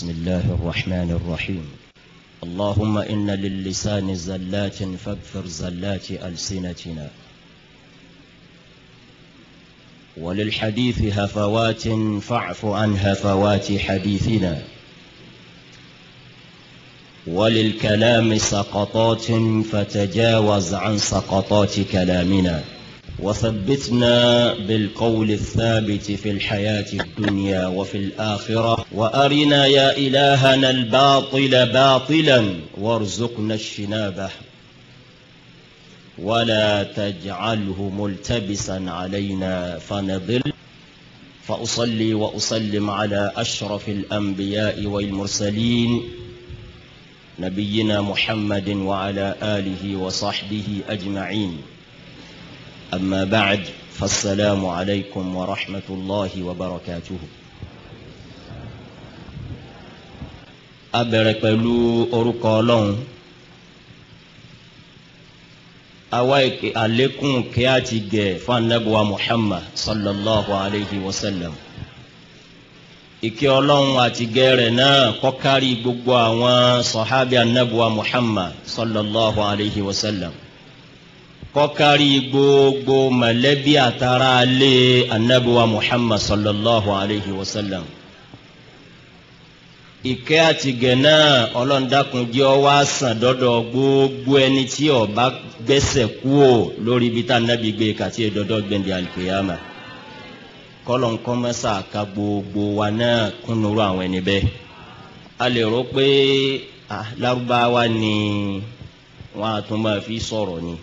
بسم الله الرحمن الرحيم اللهم إن للسان زلات فاغفر زلات ألسنتنا وللحديث هفوات فاعف عن هفوات حديثنا وللكلام سقطات فتجاوز عن سقطات كلامنا وثبتنا بالقول الثابت في الحياة الدنيا وفي الآخرة وأرنا يا إلهنا الباطل باطلا وارزقنا الشنابة ولا تجعله ملتبسا علينا فنضل فأصلي وأسلم على أشرف الأنبياء والمرسلين نبينا محمد وعلى آله وصحبه أجمعين أما بعد فالسلام عليكم ورحمة الله وبركاته abẹ̀rẹ̀ pẹ̀lú orúkọ ọlọ́run awa àlékún kí a ti gẹ̀ fún anábùwà muhammad sallallahu alayhi wa sallam ìkẹ́ ọlọ́run àti gẹ̀rẹ̀ náà kọ́kárí gbogbo àwọn sọ̀hábì anábùwà muhammad sallallahu alayhi wa sallam kọ́kárí gbogbo mọ̀lẹ́bí àtàrà lé anábíwá muhammad sallallahu alayhi wa sallam ìkẹ́ àtìgẹ̀ náà ọlọ́ndàkùn jẹ́ ọ wá sàn dọ́dọ̀ gbogbo ẹni tí ó bá gbẹ́sẹ̀ kú ò lórí ibi tá nábì gbé e kàtí ìdọ́dọ̀ gbẹ̀ndẹ̀ àlùkìyàmà kọ́lọ̀ǹkọ́ mẹ́sà ka gbogbo wa náà kúnnúrú àwọn ẹni bẹ́ẹ̀ a lè rò pé lárúbáwá ni wọn àtúmọ̀ fi sọ̀rọ̀ ni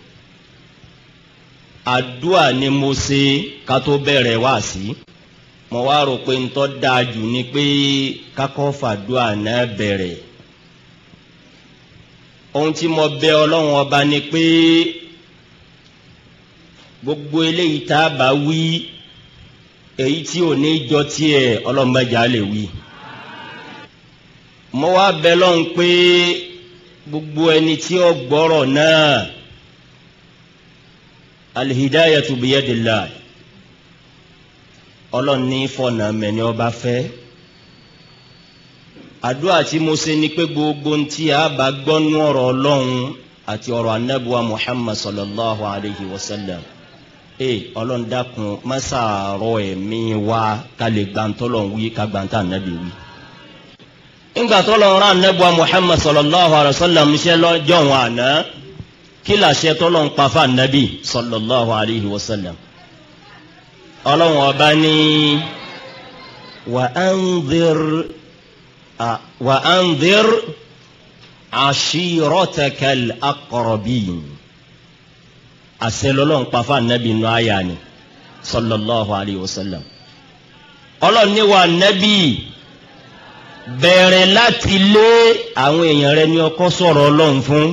àdúà ni mo ṣe ká tó bẹ̀rẹ̀ wá sí mo wá rò pé ntọ́ dáa jù ni pé kákọ́ fàdúà náà bẹ̀rẹ̀ ohun tí mo bẹ ọlọ́run ọba ni pé gbogbo eléyìí tá a bá wí èyí tí ò ní jọ tiẹ̀ ọlọ́mọdéjà lè wí mo wá bẹ lọ́hùn pé gbogbo ẹni tí ó gbọ́rọ̀ náà alihidayatu biyadillah ọlọ́ni fọ̀nà mẹ́ni ọba fẹ́ àdúrà tí mo ṣe ni pé gbogbo ntí a bá gbọ́nú ọ̀rọ̀ ọlọ́run àti ọ̀rọ̀ anábùwà muhammad sallallahu alayhi wa sallam ee ọlọ́run dákun mọ́sàárọ̀ ẹ̀mí wa ká lè gbàǹtọ́lọ̀ wí ká gbàǹtà nábì wí. ńgbà tọ́lọ̀ ń muhammad sallallahu alayhi wa sallam ṣe lọ́jọ́ wọn àná kí làṣẹ tọ́lọ̀ ń pa fànàbí sallallahu alayhi wa sallam ọlọ́run ọba ní wa anzir wa anzir ashiratakal aqrabin àṣẹ lọ́lọ́run pa fànàbí nù àyà ni sallallahu alayhi wa sallam ọlọ́run ní wa nàbí bẹ̀rẹ̀ láti lé àwọn èèyàn rẹ ní ọkọ sọ̀rọ̀ ọlọ́run fún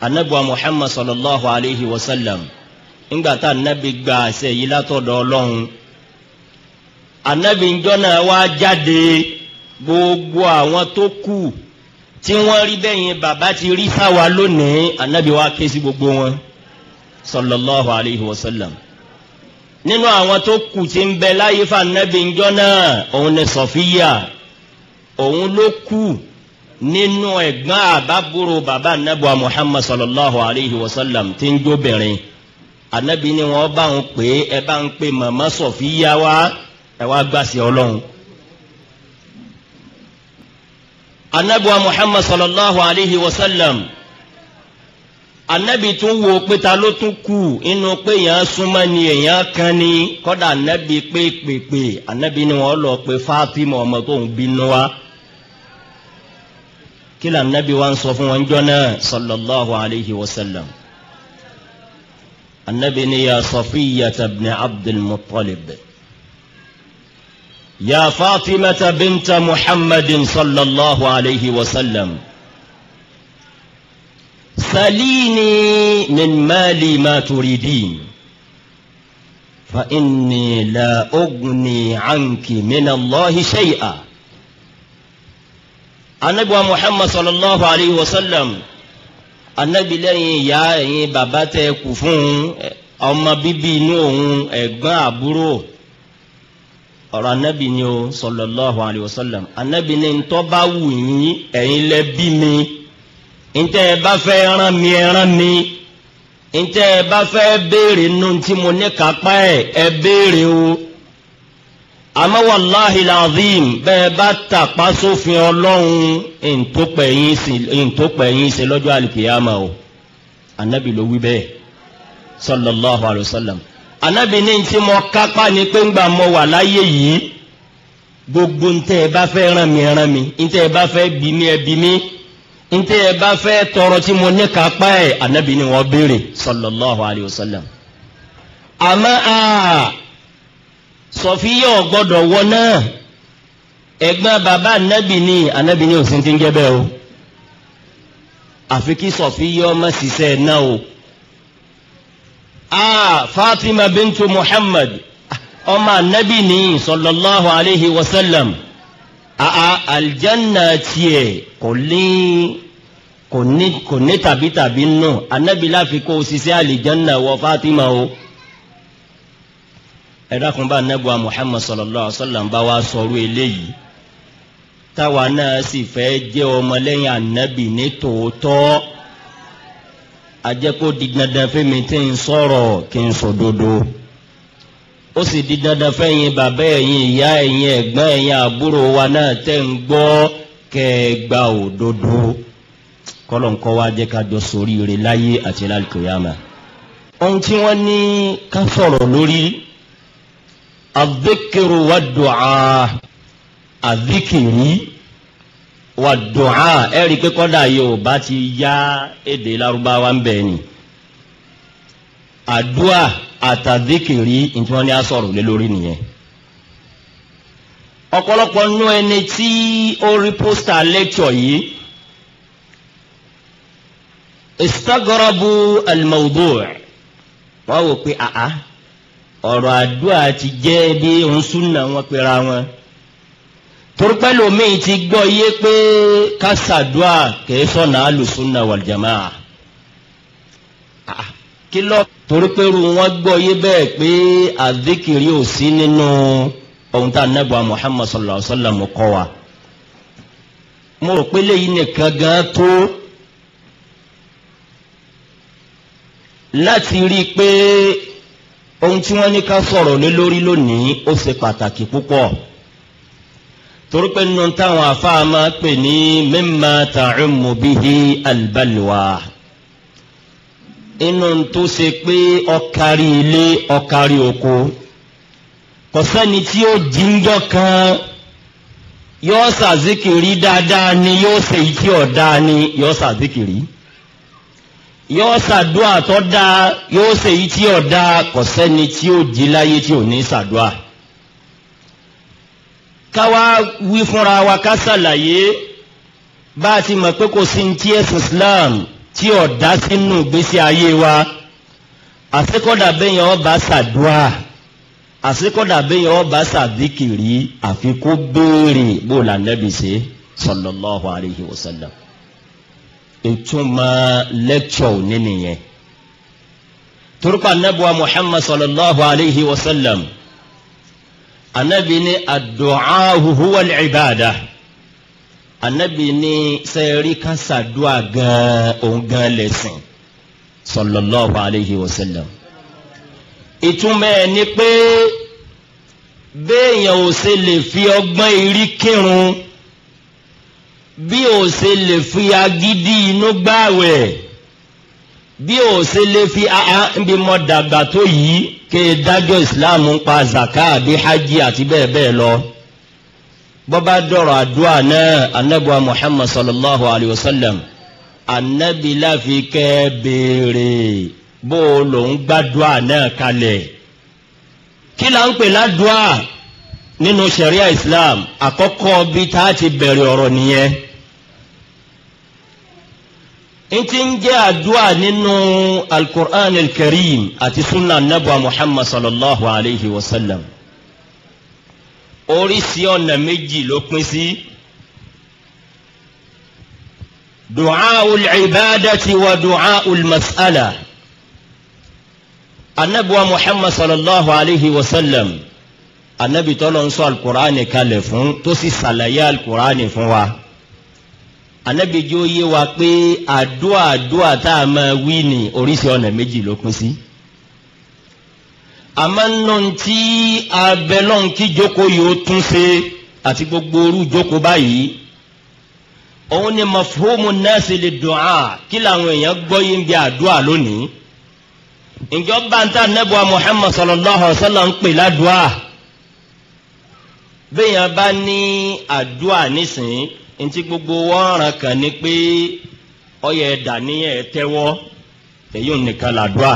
anabuwa muhammad sallallahu alayhi wa sallam ngbata anabi gba àṣẹ yìí látọ̀dọ̀ Ọlọ́run anabi njọ́ náà wá jáde gbogbo àwọn tó kù tí wọ́n rí bẹ́yìn bàbá ti rí sáwa lónìí anabi wá ké sí gbogbo wọn sallallahu alayhi wa sallam nínú àwọn tó kù tí ń bẹ láyé fún anabi njọ́ náà ni sọfíyà òun ló kù nínú ẹ̀gbọ́n àbábúrò bàbá anábùa muhammad sallallahu alayhi wa sallam tí ń jóbìnrin anábì ni wọ́n bá ń pè é ẹ bá ń pè màmá sọ̀fíyá wá ẹ wá gbàsí ọlọ́run. anabuwa muhammad sallallahu alayhi wa sallam anabi tún wo pé ta ló tún kù inú pé èèyàn súnmọ́ ni èèyàn kan ni kọ́dà anabi pé pèpè anabi ni wọ́n lọ pé fatima ọmọ tó ń bínú wa كلا النبي وانصف وانجنا صلى الله عليه وسلم النبي يا صفية بن عبد المطلب يا فاطمة بنت محمد صلى الله عليه وسلم سليني من مالي ما تريدين فإني لا أغني عنك من الله شيئا anabi wa muhammad sallallahu alayhi wa sallam anabi lẹ́yìn ìyá ẹ̀yin bàbá tẹ kù fún ọmọ bíbí inú òun ẹ̀gbọ́n àbúrò ọ̀rọ̀ anabi ni o sallallahu alayhi wa sallam anabi ni ntọ́ bá wù yín ẹ̀yin lẹ bí mi ntẹ́ ẹ bá fẹ́ rán mi ẹ mi ntẹ́ ẹ bá fẹ́ béèrè nù tí mo ní kápá ẹ̀ ẹ béèrè o àmọ́ wàláhì làzim bẹ́ẹ̀ bá tàpá sófin ọlọ́run ìntòpẹ̀yìn ṣe lọ́jọ́ alìkìyàmà o anabi ló wí bẹ́ẹ̀ sallallahu alayhi wa sallam anabi ní tí mo kápá ni pé ń gbà mo wà láyé yìí gbogbo ntẹ́ ẹ bá fẹ́ ràn mí ràn mí ntẹ́ ẹ bá fẹ́ bí mi ẹ bí mi ntẹ́ ẹ bá fẹ́ tọrọ tí mo ní kápá ẹ̀ anabi ni wọ́n béèrè sallallahu alayhi wa sallam àmọ́ aa sọfíyà ọ̀gbọ́dọ̀ wọ náà ẹ̀gbọ́n bàbá anabi ni anabi ni òsín ti ń jẹ́ bẹ́ẹ̀ o àfi kí sọfíyà ọmọ ṣiṣẹ́ náà o ah fatima bintu muhammad ọmọ anabi ni sallallahu alayhi wa sallam àà ah, ah, aljanna tiẹ̀ kò ní kò ní tàbí tàbí nù anabi láfi kó o ṣiṣẹ́ wọ fatima o ẹ̀dákun bá nẹ́gbà Muhammad sallallahu alaihi wasallam bá wa sọ̀rọ̀ eléyìí táwa náà sì fẹ́ jẹ́ ọmọlẹ́yìn ànábì ní tòótọ́ ajẹ́ kó di dandan fẹ́mi tí ń sọ̀rọ̀ kí n sòdodo ó sì di dandan fẹ́yìn bàbá ẹ̀yin ìyá ẹ̀yin ẹ̀gbọ́n ẹ̀yin àbúrò wa náà tẹ́ ń gbọ́ kẹ́ òdodo kọ́lọ̀ wa jẹ́ ká jọ sóríire láyé àti lálùkìyàmà ohun tí wọ́n ní ká sọ̀rọ̀ lórí adhikiru wa du'a adhikiri wa du'a ẹ̀rí pé kọ́dà yorùbá ti yá èdè lárúbáwá ń bẹ̀ ni àdúà àtàdíkìrí ntí wọ́n ní a sọ̀rọ̀ lé lórí nìyẹn ọ̀pọ̀lọpọ̀ nú ẹni tí ó rí pósítà lẹ́kṣọ̀ yìí istagorabu al wọ́n wò pé àá. ọ̀rọ̀ àdúrà ti jẹ́ bí òun súnà wọn pera wọn torípẹ́lú omiì ti gbọ́ pé kásàdúà kìí sọ̀nà alùsùnà wàlìjàmá ah, kí wọn gbọ́ bẹ́ẹ̀ pé ò sí nínú ohun tá a nẹ́bùa Muhammad sallallahu alaihi wasallam kọ́ wa mo rò pé nìkan gan tó láti rí i ohun tí wọ́n ní ká sọ̀rọ̀ lé lórí lónìí ó ṣe pàtàkì púpọ̀ torí pé nínú táwọn àfáà máa pè ní mimma ta'ummu bihi albalwa inú tó ṣe pé ọkàrí ilé ọkàrí oko kò sẹ́ni tí ó jíjọ́ kan yóò ṣàzikiri dáadáa ni yóò ṣe ìtí ọ̀dáa ni yóò ṣàzikiri yóò ṣàdúà tó dáa yóò ṣe èyí tí ò dáa kò sẹ́ni tí ó jí láyé tí ò ní ṣàdúà. káwa wí fúnra wa ká ṣàlàyé bá a ti mọ̀ pé kò sí ti ẹ̀sìn Islam tí ò dá sínú ìgbésí ayé wa àṣekọ́dà bẹ́yẹn ọba ṣàdúà àṣekọ́dà bẹ́yẹn ọba ṣàdíkìrì àfikún béèrè bó la Nábì ṣe sallallahu alayhi wa sallam ìtumọ̀ lẹ́kṣọ̀ òní nìyẹn turupa anabuwa muhammad sallallahu alayhi wa sallam anabi ni adu'a huwa al-ibada anabi ni sẹ́ẹ̀rí kásádùá gan òun gan lẹ́sìn sallallahu alayhi wa sallam ìtumọ̀ ẹ̀ ni pé béèyàn ò ṣe lè fi ọgbọ́n irí kírun bí o ṣe lè fi agídí inú gbààwẹ̀ bí o ṣe lè fi bí mo dàgbà tó yìí ké dájọ́ islam ń pa zaka àbí hajj àti bẹ́ẹ̀ bẹ́ẹ̀ lọ bọ́bá dọ̀rọ̀ àdúrà náà anábùwà muhammad sallallahu alayhi wa sallam anabi láfi kẹ́ béèrè bó o lò ń gbàdúrà náà kalẹ̀ kí la ń pè ládùúà nínú sẹ̀ríà islam àkọ́kọ́ bí tá a ti bẹ̀rẹ̀ ọ̀rọ̀ nìyẹn n ti ń jẹ́ àdúrà nínú alukur'an alkarim àti sunna anabuwa muhammad sallallahu alayhi wa sallam oríṣi ọ̀nà méjì ló pín sí du'a ul-ibadati wa du'a ul-mas'ala anabuwa muhammad sallallahu alayhi wa sallam anabi tọ́lọ́ alukur'an kalẹ̀ fún tó sì alukur'an fún wa anábìjì ó yé wa pé àdúà àdúà tá a máa wí ní oríṣi ọ̀nà méjì ló pín sí. àmọ́ nù tí abẹ́lọ́n kí jókòó yóò tún ṣe àti gbogbo orú jókòó báyìí òun ni mafhumu nasi li du'a kí làwọn èèyàn gbọ́ yín bí àdúà lónìí. ìjọba ń ta nẹ́bùa Muhammad sallallahu alaihi wasallam ń pè ládùá bẹ́ẹ̀ yẹn bá ní àdúà nísìnyí ntí gbogbo wọ́ọ̀ràn kan ni pé ọyẹ dàníyàn tẹ́wọ́ èyí ò nìkan làdúrà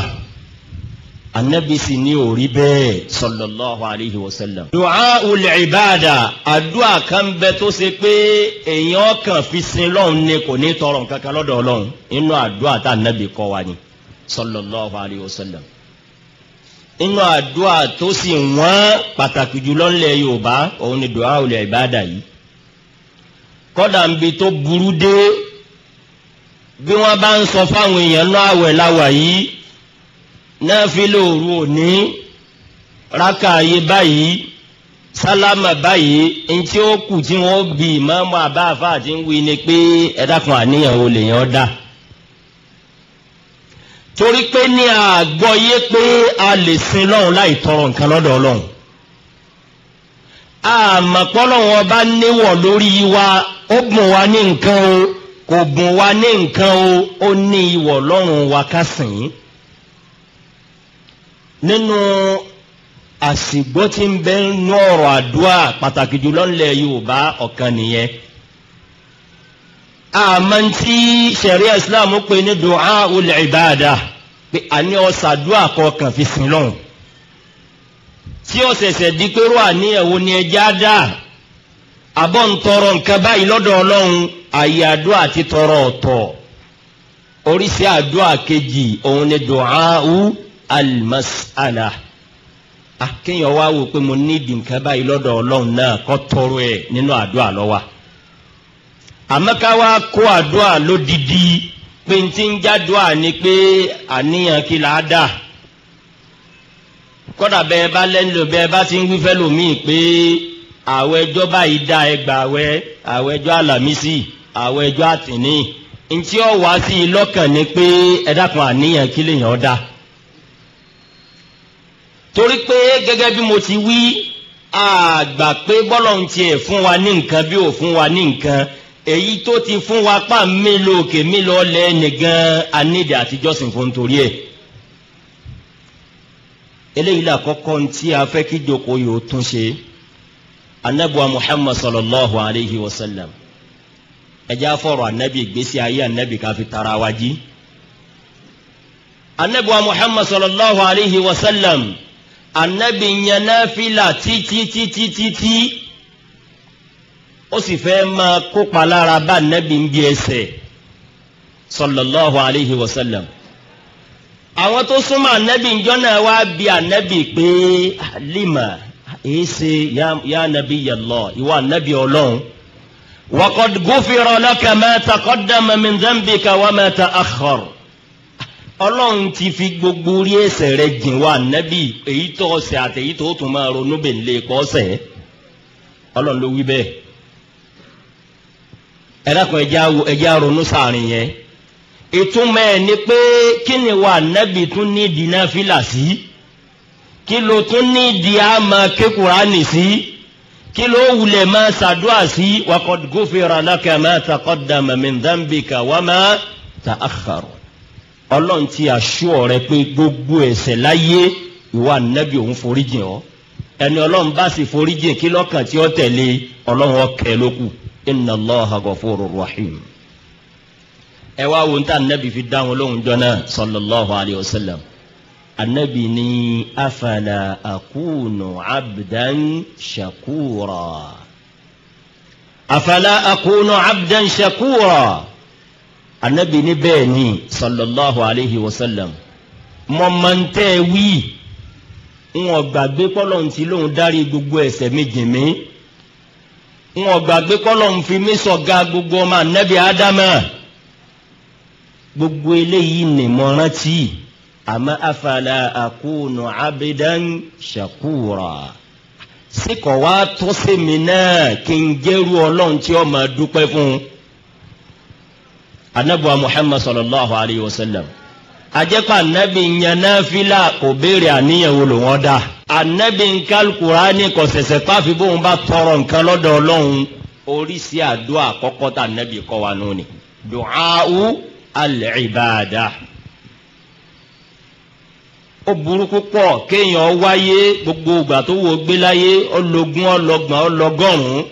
anabi sì ní òrí bẹ́ẹ̀ sallallahu alayhi wa sallam. du'a ul ibada àdúrà kan bẹ tó ṣe pé èèyàn kan fi sin lọ́hùn ni kò ní tọrọ kankan lọ́dọ̀ ọlọ́hun inú àdúrà tá anabi kọ́ wa ni sallallahu alayhi wa sallam. inú àdúrà tó sì wọ́n pàtàkì jùlọ ńlẹ̀ yorùbá òun ni du'a ul ibada yìí kọ́dà ń bi tó burú dé bí wọ́n bá ń sọ fáwọn èèyàn náà àwẹ̀ láwà yìí náà fi lóòrù òní rákà ayé báyìí sálámà báyìí ntí ó kù tí wọ́n bi ìmáàmù àbáfà àti wí ni pé ẹ àníyàn ò lè yàn ọ́ dà torí pé ní àgbọ́yé pé a lè sin lọ́run láì tọrọ nǹkan lọ́dọ̀ ọlọ́run àmọ̀pọ́lọ́wọ́n bá níwọ̀ lórí wa ó bùn wa ní nǹkan o kò bùn wa ní nǹkan o ó ní ìwọ̀ lọ́rùn wa ká sìn ín nínú àsìgbó tí ń bẹ nú ọ̀rọ̀ àdúrà pàtàkì jùlọ ńlẹ̀ Yorùbá ọ̀kan nìyẹn àmọ́ tí ṣẹ̀ríà Islam pè ní du'a ul ibada pé àní ọ̀sàdúrà kọ̀ọ̀kan fi sìn lọ́hùn tí ó ṣẹ̀ṣẹ̀ àníyẹ̀wò ni ẹja dá àbọ̀ ń tọrọ nǹkan báyìí lọ́dọ̀ ọlọ́run àyè àdúrà àti tọrọ ọ̀tọ̀ oríṣi àdúrà kejì òun ni du'a'u al-mas'ala akéèyàn wá wò pé mo nídìí nǹkan báyìí lọ́dọ̀ ọlọ́run náà kọ́ tọrọ ẹ̀ nínú àdúrà lọ́wà àmọ́ kó àdúrà lódidi pé n ti ń jádùá ni pé àníyàn kí là á dà kọ́dà bẹ́ẹ̀ bá lẹ́nu bẹ́ẹ̀ bá ti ń wí fẹ́ lòmíì pé àwọn ẹjọ́ báyìí dá ẹgbà àwẹ̀ àwọn ẹjọ́ àlàmísì àwọn ẹjọ́ àtìní ntí ọ wá sí i lọ́kàn ni pé ẹ dákun àníyàn kí lèèyàn ọ dá torí pé gẹ́gẹ́ bí mo ti wí àgbà pé bọ́lọ̀ ń tiẹ̀ fún wa ní nǹkan bí ò fún wa ní nǹkan èyí tó ti fún wa pa mélòó òkè mélòó ọlẹ́ nìgan anídìí àtijọ́sìn fún torí ẹ̀ eléyìí là ntí afẹ́ yóò tún ṣe anabuwa muhammad sallallahu alayhi wa sallam ẹjẹ afọrọ anabi ìgbésí ayé anabi káfi tara wa jí anabuwa muhammad sallallahu alayhi wa sallam anabi yanáfìlà títítítítí ó sì fẹ́ máa kópa lára bá anabi ń bí ẹsẹ̀ sallallahu alayhi wa sallam àwọn tó súnmọ́ anabi ń jọ́nà wá bí anabi pé ah, lima èyí ṣe yá nàbí yàlọ́ ìwà nàbí ọlọ́run. وقد غفر لك ما تقدم من ذنبك وما تأخر ọlọ́run ti fi gbogbo orí ẹ̀ṣẹ̀ rẹ jìn wá nẹ́bí èyí tó ọ̀sẹ̀ àtẹ̀yí tó tún máa ronú bẹ̀ lè kọ́ ọ̀sẹ̀ ọlọ́run ló wí bẹ́ẹ̀ ẹ̀dàkùn ẹ̀já ronú sàárín yẹn ìtumọ̀ ẹ̀ ni pé kí ni wà nẹ́bí tún ní dínà fìlà sí. Si? kí ló tún ní ìdí àmà ké kùránì sí kí ló wulẹ̀ máa ṣàdúrà sí wakọ̀d gófèrè alákẹ́ máa takọ́dà mẹ́mẹ́dánbìkà wà máa ta àkàrọ̀ ọlọ́run ti àṣùọ̀ rẹ pé gbogbo ẹ̀ṣẹ̀ láyé ìwà nẹ́bí òun foríjìn ọ́ ẹni ọlọ́run bá sì foríjìn kí lọ́kàn tí ó tẹ̀lé ọlọ́run ọkẹ́ lókù inna Allaha ghafurur rahim ẹ wá wo ní nẹ́bí fi dáhùn lóhùn jọ náà sallallahu alayhi wa sallam anabi ni afala akunu abdan shakura afala akunu abdan shakura anabi ni bẹ́ẹ̀ ni sallallahu alayhi wa sallam mọ̀mọ́ntẹ́ wí wọn gbàgbé kọ́lọ́n ti lóun dárí gbogbo ẹ̀ṣẹ̀ mi jìn mí wọn gbàgbé kọ́lọ́n fi mí sọ̀ga gbogbo ọmọ anabi adama gbogbo eléyìí ni mo àmọ́ afala àkúnù abidan shakura síkọ̀ wá tó sí mi náà kí n jẹ́rú ọlọ́run tí ó máa dúpẹ́ fún un anabuwa muhammad sallallahu alayhi wa sallam ajẹ́pọ̀ anabi yan náfìlà kò béèrè àníyàn wo ló wọ́n dá anabi nkálukura ní kò sẹ̀sẹ̀ pàfi bóun bá tọrọ nǹkan lọ́dọ̀ ọlọ́run oríṣi àdúrà àkọ́kọ́ tá anabi kọ́ wa nù ni du'a'u al-ibadah ó burú púpọ̀ kéèyàn wáyé gbogbo ìgbà tó wo gbé láyé ọlọ́gún ọlọ́gbọ̀n ọlọ́gọ́rùn-ún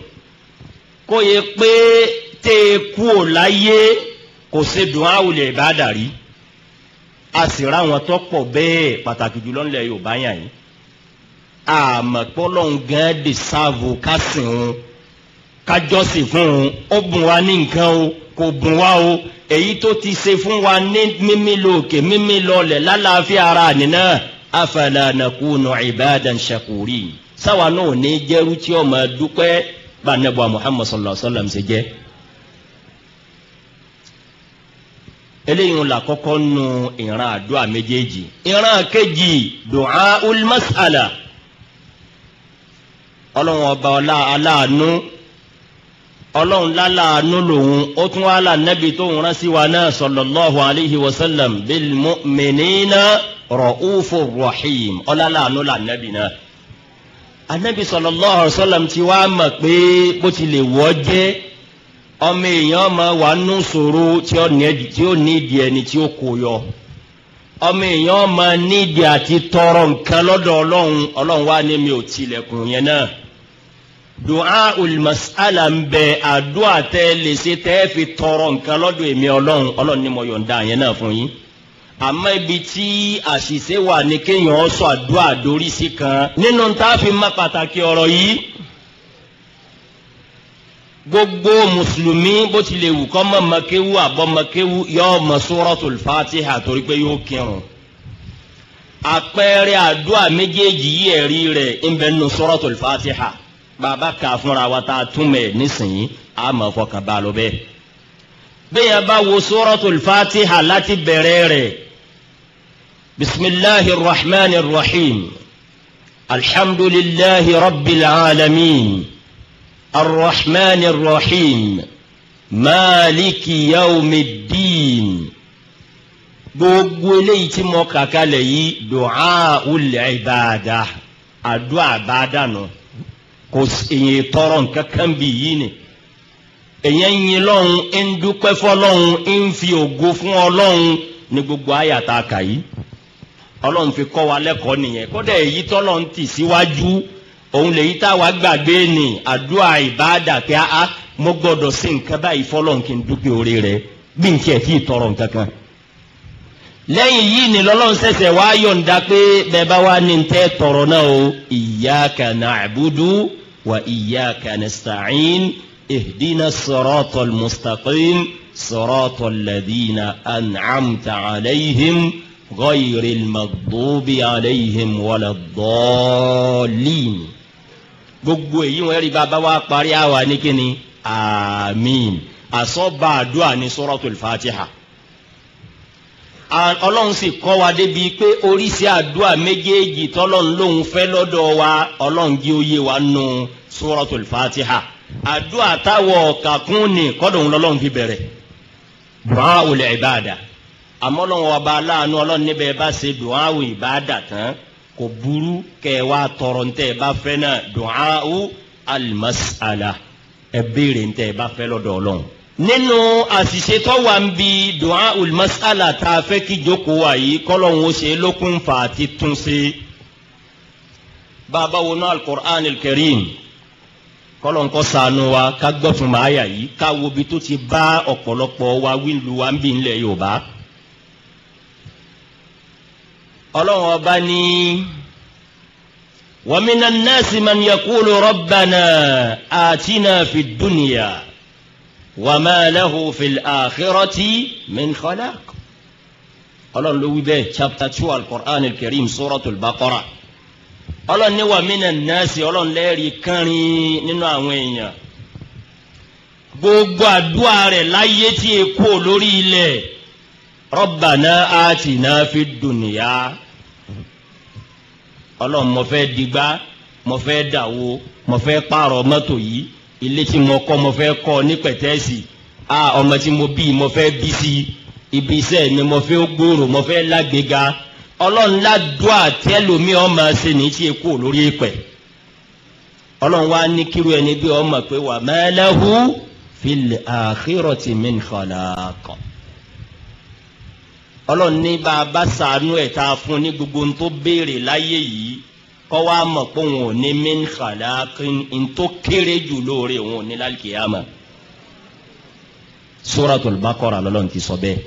kó yẹ pé tẹ́ ẹ kú ò láyé kò ṣe dùn áwùlẹ̀ ìbádàrí a sì ráwọn tó pọ̀ bẹ́ẹ̀ pàtàkì jùlọ ńlẹ̀ Yorùbá yàn yìí àmọ́ pọ́lọ́n gan dè sáàvù ká sìn un fún un ó bùn wa ní nǹkan o kò bùn wá o èyí tó ti ṣe fún wa ní mímí lókè mímí lọlẹ̀ lálàáfíà ara nìna afala nakunu ibadan shakuri sáwa náà ní jẹ́rú tí ọmọ dúpẹ́ bá nẹ́bọ̀ Muhammad sallallahu alaihi wa sallam ṣe jẹ́. eléyìí la kọ́kọ́ nu ìran àdúrà méjèèjì ìran kejì dùnà ulmasala ọlọ́wọ́n ọba ọlá aláàánú ọlọ́run lálàánú lòun ó tún wá là nẹ́bi tó ń rán sí wa náà sallallahu alayhi wa sallam bil mu'minina ra'ufur rahim ọlálàánú là nẹ́bi náà. anabi sallallahu alayhi wa sallam ti wá mọ̀ pé bó ti lè wọ́ jẹ́ ọmọ èèyàn ọmọ wa nú sòro tí ó ní ìdí ẹni tí ó kó yọ ọmọ èèyàn ọmọ nídìí àti tọrọ nǹkan lọ́dọ̀ ọlọ́run ọlọ́run wá ní mi ò tilẹ̀kùn yẹn náà dùá olùmọ̀sálà ń bẹ àdúrà tẹ lè ṣe tẹ́ fi tọrọ nǹkan lọ́dọ̀ èmi ọlọ́run ọlọ́run ni mo yọ̀ǹda yẹn náà fún yín àmọ́ ibi tí àṣìṣe wà ní kéèyàn sọ àdúrà dórí sí kan nínú tá a fi má pàtàkì ọ̀rọ̀ yìí gbogbo mùsùlùmí bó tilẹ̀ wù kọ́ mọ́ mọ́kéwú àbọ̀ mọ́kéwú yóò mọ suratul fatiha torí pé yóò kírun àpẹẹrẹ àdúrà méjèèjì yìí ẹ̀rí rẹ̀ ń bẹ nínú suratul fatiha bàbá kà fúnra wa tá a tún mẹ̀ nísìnyí a mọ̀ fọkàn bá lọ bẹ́ẹ̀. bẹ́ẹ̀ bá wo suratul fatiha láti bẹ̀rẹ̀ rẹ̀ bisimilahi rahman rahim alhamdulilahi rabbil alamin arrahman rahim maliki yawmiddin gbogbo eléyìí tí mo kà kalẹ̀ yìí du'a ul ibada àdúà àbádànù. No kò èyàn tọrọ nǹkan kan bí yìí ni èyàn ń yin lọ́hùn ń dúpẹ́ fọlọ́hùn ń fi ògo fún ọlọ́hùn ní gbogbo àyàtà kàyí ọlọ́hun fi kọ́ wa lẹ́kọ̀ọ́ nìyẹn kódà èyí tọ́lọ́hun tì síwájú òun lèyí táwa gbàgbé ni àdúrà ìbáàdà pé a mo gbọ́dọ̀ sí nǹkan báyìí fọlọ́hun kí n dúpẹ́ orí rẹ bí n tiẹ̀ tí ì tọrọ nǹkan kan lẹ́yìn yìí ni lọ́lọ́run ṣẹ̀ṣẹ̀ wá yọ̀ǹda pé bẹ́ẹ̀ bá wá ní tẹ́ tọrọ náà o iyyaka na'budu وإياك نستعين اهدنا الصراط المستقيم صراط الذين أنعمت عليهم غير المغضوب عليهم ولا الضالين gbogbo èyí wọn rí bàbá wa parí àwa ní kíni àmín àsọ̀bà àdúrà ní ọlọ́run sì kọ́ wa débi pé oríṣi àdúrà méjèèjì tọ́lọ́run lòun fẹ́ lọ́dọ̀ wa ọlọ́run jí oyé wa nù Suratul Fatiha àdúrà táwọ̀ kàkún ni kọ́dọ̀ lọ́lọ́run fi bẹ̀rẹ̀ du'aul ibada àmọ́ lọ́wọ́ ọba aláàánú ọlọ́run níbẹ̀ bá ṣe du'aul ibada tán kò burú kẹ́ ẹ wá tọrọ ntẹ́ bá fẹ́ náà du'aul almas'ala ẹ béèrè ntẹ́ ẹ bá fẹ́ lọ́dọ̀ ọlọ́run nínú àṣìṣe tó wà ń bi dùn ulmasala tá a fẹ́ kí jókòó wà yìí kọ́lọ́hún ó ṣe lókun fà á ti tún ṣe bàbá wo náà alukur'an kẹrin kọ́lọ́hún kọ́ sànù wa ká gbọ́ fún màáyà yìí ká wo bi tó ti bá ọ̀pọ̀lọpọ̀ wa wíńdù wa ń bì ńlẹ̀ yorùbá ọlọ́run ọba ní. ومن الناس من يقول ربنا آتنا wàmà lahu fil akhirati min khalaq ọlọ́run ló wí bẹ́ẹ̀ chapter two al-Qur'an al-Karim suratul Baqara ọlọ́run ní wa mina nasi ọlọ́run lẹ́ẹ̀rí kánrin nínú àwọn èèyàn gbogbo àdúrà rẹ̀ láyé tí e kú lórí ilẹ̀ Rabbana atina fid dunya ọlọ́run mo fẹ́ digbá mo fẹ́ dàwó mo fẹ́ pààrọ̀ mọ́tò yìí ilé tí mo kọ́ mo fẹ́ kọ́ ní pẹ̀tẹ́ẹ̀sì a ọmọ tí mo bí mo fẹ́ bí sí ibi iṣẹ́ mi mo fẹ́ gbòòrò mo fẹ́ lágbèéga ọlọ́run ládùá tẹ́lómi ọmọ ṣe ní tí ekú lórí ìpẹ́ ọlọ́run wá ní kírú ẹni bí ọmọ pé wà mẹ́lẹ́hu fil akhirati min khalaq ọlọ́run ní bá a bá sàánú ẹ̀ tá a fún ní gbogbo ń tó béèrè láyé yìí kọ́ wa mọ̀ pé òun ò ní min khalaqin in tó kéré jù lóore òun ò ní lálùkìyàmà Suratul Baqara lọ́lọ́run ti sọ bẹ́ẹ̀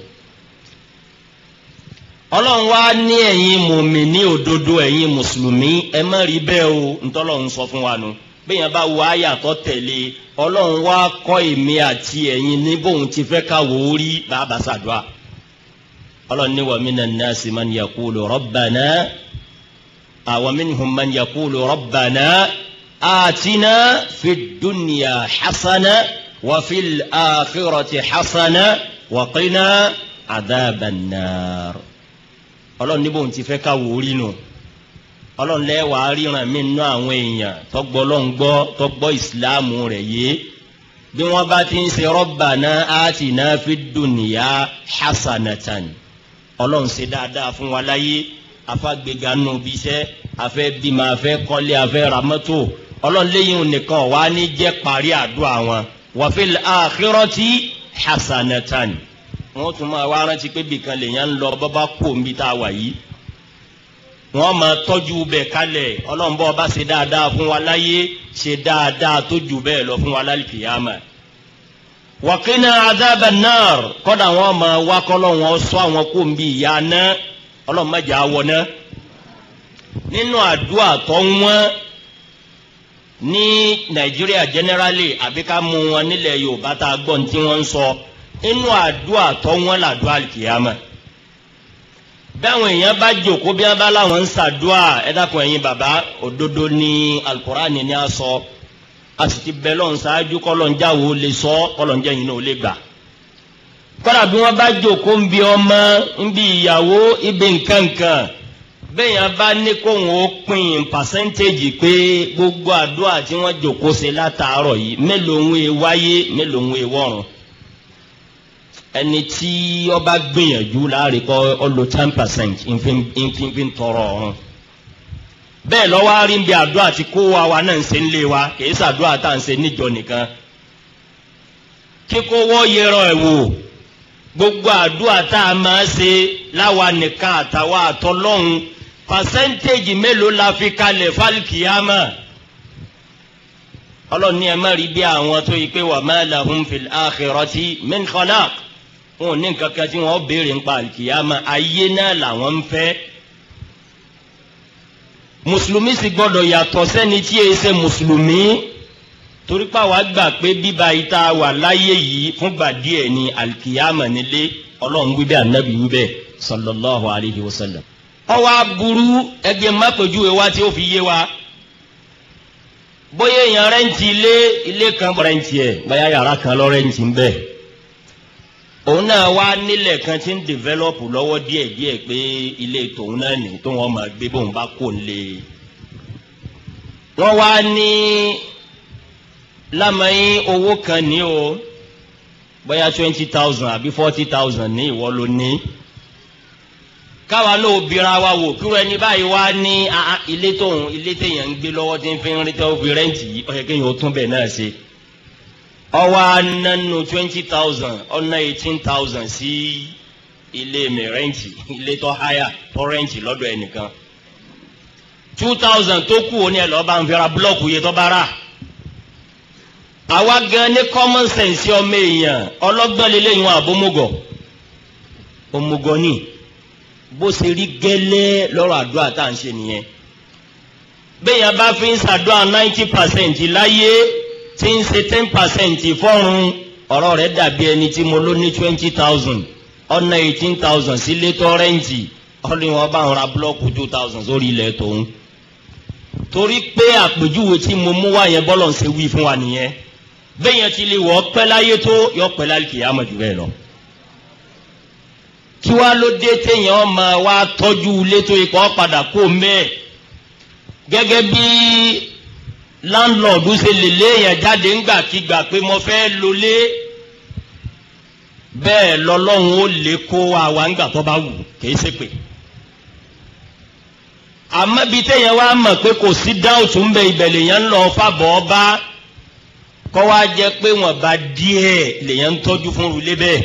ọlọ́run wá ní ẹ̀yin mùmíní òdodo ẹ̀yin mùsùlùmí ẹ má rí bẹ́ẹ̀ o ntọ́lọ́run sọ fún wa nu bẹ́ẹ̀ bá wo àyàtọ̀ tẹ̀lé ọlọ́run wá kọ́ èmi àti ẹ̀yin ní bóun ti fẹ́ ká wò ó rí bàbá sàdúà ọlọ́run ní wa minan nasi man yaqulu rabbana. ومنهم من يقول ربنا آتنا في الدنيا حسنة وفي الآخرة حسنة وقنا عذاب النار ọlọ́run níbo ń ti fẹ́ ká wò ó rí nu ọlọ́run lẹ́wàá ríran mí nú àwọn èèyàn tọ́gbọ́ ọlọ́run gbọ́ tọ́gbọ́ ìsìláàmù rẹ̀ yé bí wọ́n bá ti ń ṣe rabbana atina fid dunya hasanatan ọlọ́run ṣe dáadáa fún wa láyé afagbega nù bí iṣẹ́ afẹ́ bímọ afẹ́ kọ́lé afẹ́ ramọ́tò ọlọ́lẹ́yìn nìkan wà ní jẹ́ parí àdúrà wọn wàfíìl àkírọ́tì hasanatan wọn tún máa wá rántí pé bìkan lèèyàn ń lọ bọ́bá kò ń bí tá a wà yìí wọn máa tọ́jú bẹ̀ kalẹ̀ ọlọ́nbọ́ bá ṣe dáadáa fún wa láyé ṣe dáadáa tó jù bẹ́ẹ̀ lọ fún wa lálùkìyàmà wàkínà adábẹ̀ náà kọ́dà wọn máa wá kọ́lọ́ wọn sọ àwọn kò ń bí ọlọ́run má jà wọ ná nínú àdúrà tó wọ́n ní nàìjíríà generally àbí ká mú wọn nílẹ̀ yorùbá tá a gbọ́n tí wọ́n ń sọ nínú àdúrà tó wọ́n làdúrà kìyàmà báwọn èèyàn bá jòkó bí wọn bá láwọn ń ṣàdúà ẹ dákun ẹ̀yin bàbá òdodo ní alukurani ni a sọ a sì ti bẹ lọ́n ṣáájú kọ́lọ́njáwo lè sọ kọ́lọ́njẹ́yìn náà ó lè gbà. kọ́ra bí wọ́n bá jòkó ń bi ọmọ ń bi ìyàwó ibi nkankan bẹ́ẹ̀yàn bá ní ó pín pé gbogbo àdúrà tí wọ́n jòkó ṣe látàárọ̀ yìí mélòó ń wáyé mélòó ń wọ̀rùn ẹni tí ọba gbìyànjú láàrin kọ́ ọlọ ten percent nfin tọrọ ọ̀hún bẹ́ẹ̀ lọ́wọ́ rí bí àdúrà kó wa wa náà ń wa kì í gbogbo àdúrà tá a máa ṣe láwa nìkan àtàwa àtọlọ́hun pàṣẹ́ntéèjì mélòó la fi kalẹ̀ fálkìyámà ọlọ́run ní ẹ má rí bí àwọn tó yí pé wà má lahum fil akhirati min khalaq wọn ò ní nǹkan kan tí wọn béèrè ń pa àlìkìyámà ayé náà làwọn ń fẹ́ mùsùlùmí sì gbọ́dọ̀ yàtọ̀ sẹ́ni tí e ṣe mùsùlùmí torí pa wàá gbà pé bíba ìta wà láyé yìí fúngbà díẹ̀ ni alikiyama nílé ọlọ́run wíbẹ̀ anabi wíbẹ̀ sallallahu alayhi wa sallam. ọwọ́ aburú ẹgbẹ́ mápẹ̀júwe wa tí ó fi yé wa bóyá èèyàn rẹ́ǹtì ilé ilé kan rẹ́ǹtì ẹ̀ báyà yàrá kan lọ rẹ́ǹtì ń bẹ̀. òun náà wá nílẹ̀ kan tí ń dìvẹ́lọ́pù lọ́wọ́ díẹ̀díẹ̀ pé ilé tòun náà nì tó wọn máa gbé bóun bá kó lè. wọ́n wá ní. Ni lámàáyín owó kan ní o bóyá twenty thousand àbí forty thousand ní ìwọ ló ní káwa náà bira wa wò kúrò ẹni báyìí wá ní ilé tóun ilé téèyàn ń gbé lọ́wọ́ tí ń fi ń rí tó fi rẹ́ǹtì yìí ó kéèyàn ó tún bẹ̀ náà ṣe ọwọ́ anánu twenty thousand ọ̀nà eighteen thousand sí ilé mi rẹ́ǹtì ilé tó háyà tó rẹ́ǹtì lọ́dọ̀ ẹnìkan two thousand tó kù ó ní ẹ lọ́ọ́ bá ń fira búlọ́ọ̀kù yẹ tó bá rà àwa gan ní common sense ọmọ èèyàn ọlọ́gbọ́n lélẹ́yìn wọn àbómúgọ̀ òmùgọ̀ ni bó ṣe rí gẹ́lẹ́ lọ́rọ̀ àdúrà tá à ń ṣe nìyẹn béèyàn bá fi ń ṣàdúrà ninety percent láyé tí ń ṣe ten percent fọ́run ọ̀rọ̀ rẹ̀ dàbí ẹni tí mo ló ní twenty thousand ọ̀nà eighteen thousand sílé tọ́rẹ́ǹtì ọ̀rẹ́ wọn bá ń ra búlọ́ọ̀kù two thousand sórí ilẹ̀ tòun torí pé àpèjúwe tí mo mú wá yẹn bọ́lọ̀ ń ṣe wí fún wa nìyẹn bẹ́yẹn ti lè wọ́ pẹ́ láyé tó yọ pẹ́ láyé kìí àmọ̀ jù bẹ́ẹ̀ lọ. kí wàá ló dé téèyàn máa wá tọ́jú ilé tó ikọ̀ padà kó mẹ́ẹ̀ gẹ́gẹ́ bí láńlọ́ọ̀dù ṣe lè léèyàn jáde ńgbà kígbà pé mo fẹ́ lólé bẹ́ẹ̀ lọ́lọ́run ó lè kó àwa ńgbà tó bá wù kìí ṣépè àmọ́ bí téèyàn wá mọ̀ pé kò sí dáùtù ń bẹ ìbẹ̀lẹ̀ yẹn ń lọ fàbọ̀ ọba kọ́ wá jẹ́ pé wọ́n bá díẹ̀ lèyàn ń fún rúlé bẹ́ẹ̀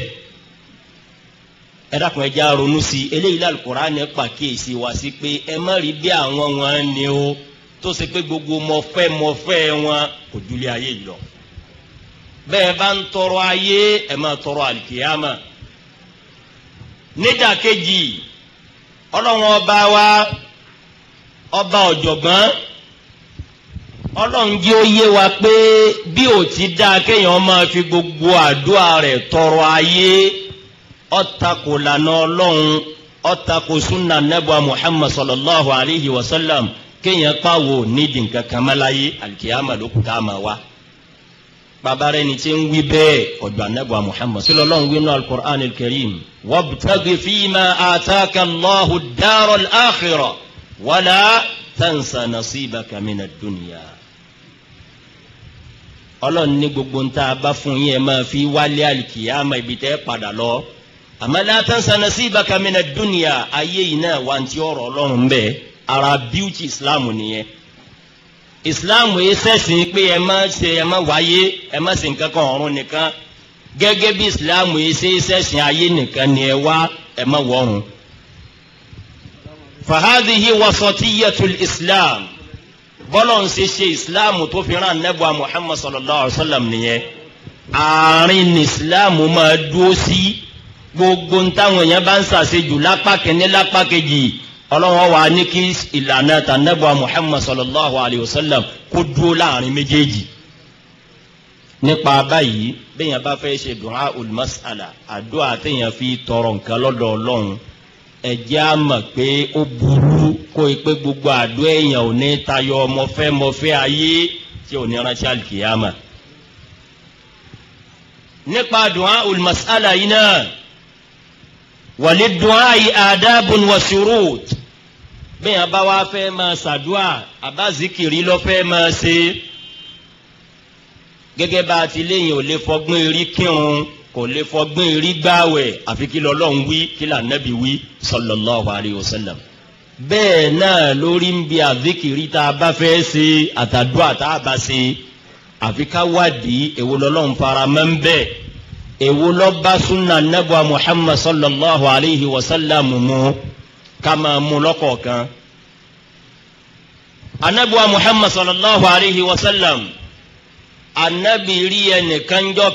ẹ dákun ronú sí eléyìí lálùkùrá ní pàkíyèsí wá sí pé ẹ má rí bí àwọn o tó ṣe pé gbogbo mọ̀fẹ́ mọ̀fẹ́ wọn kò aye lọ bẹ́ẹ̀ bá ń tọrọ ayé ẹ máa tọrọ ọba wa ọba ọ̀jọ̀gbọ́n. ọlọ́run jí ó yé wa pé bí ò ti dáa kéèyàn máa fi gbogbo àdúrà rẹ̀ tọrọ ayé ọ̀tako lànà ọlọ́run ọ̀tako sunna nebua muhammad sallallahu alayhi wa sallam kéèyàn pàwọ́ nídìí nǹkan kan mẹ́láyé alikiyama ló kù tá a máa wá babarẹ ni tí ń wí bẹ́ẹ̀ ọ̀dọ̀ anabua muhammad sallallahu alayhi wa sallam alukur'an alkarim wabtagi fima ataka allahu dara al-akhira tansa nasibaka mina dunya ọlọ́run ní gbogbo ń tá a bá fún yín ẹ máa fi wálé àlìkìyàmà ibi tẹ́ padà lọ àmọ́ látàn sanà sí ibà kàmínà dúnìyà ayé yìí náà wà ní ọ̀rọ̀ ọlọ́run bẹ́ẹ̀ ara bíútì islam nìyẹn islam yìí sẹ́sìn pé ẹ má ṣe ẹ má wáyé ẹ má ṣe nǹkan kan ọ̀run nìkan gẹ́gẹ́ bí islam yìí ṣe sẹ́sìn ayé nìkan ni ẹ wá ẹ má wọ̀run. fahadhihi wasatiyatul islam bọ́lọ̀ ń ṣe ṣe ìsìláàmù tó fi rán anábùwà muhammad sallallahu alayhi wa sallam nìyẹn àárín ní ìsìláàmù máa dúró sí gbogbo táwọn èèyàn bá ń ṣàṣejù lápá kìíní lápá kejì ọlọ́wọ́n wa ní kí ìlànà tànábùwà muhammad sallallahu alayhi wa sallam kó dúró láàrin méjèèjì nípa báyìí bẹ́ẹ̀ yẹn bá fẹ́ ṣe du'a ul mas'ala àdúrà téèyàn fi tọrọ nǹkan lọ́dọ̀ ọlọ́run ẹ̀jẹ̀ á mọ̀ pé ó burú kó o pé gbogbo àdó èèyàn ò ní tayọ mọ̀fẹ́ mọ̀fẹ́ ayé tí ò ní ránṣẹ́ àlùkìyàmà. nípa dùn án olùmọ̀sálà yìí náà wàlẹ́ dùn án yìí àdábùn wàṣúrù bẹ́ẹ̀ bá wá fẹ́ máa ṣàdúà àbázikiri lọ́ fẹ́ máa ṣe gẹ́gẹ́ bá a ti léyìn ò lè fọgbọ́n erí kò lè fọgbọ́n rí gbáwẹ̀ àfi kí lọ́lọ́run wí kí lànàbí wí sallallahu alayhi wa sallam bẹ́ẹ̀ náà lórí ń bi àdìkìrí tá a bá fẹ́ ṣe àtàdúrà tá a bá ṣe àfi ká wádìí èwo lọ́lọ́run fara mọ́ ń bẹ́ẹ̀ èwo lọ́ súnà nẹ́bùà Muhammad sallallahu alayhi wa sallam mu ká máa mú lọ́kọ̀ọ̀kan anabuwa Muhammad sallallahu alayhi wa sallam anabi rí ẹnìkan jọ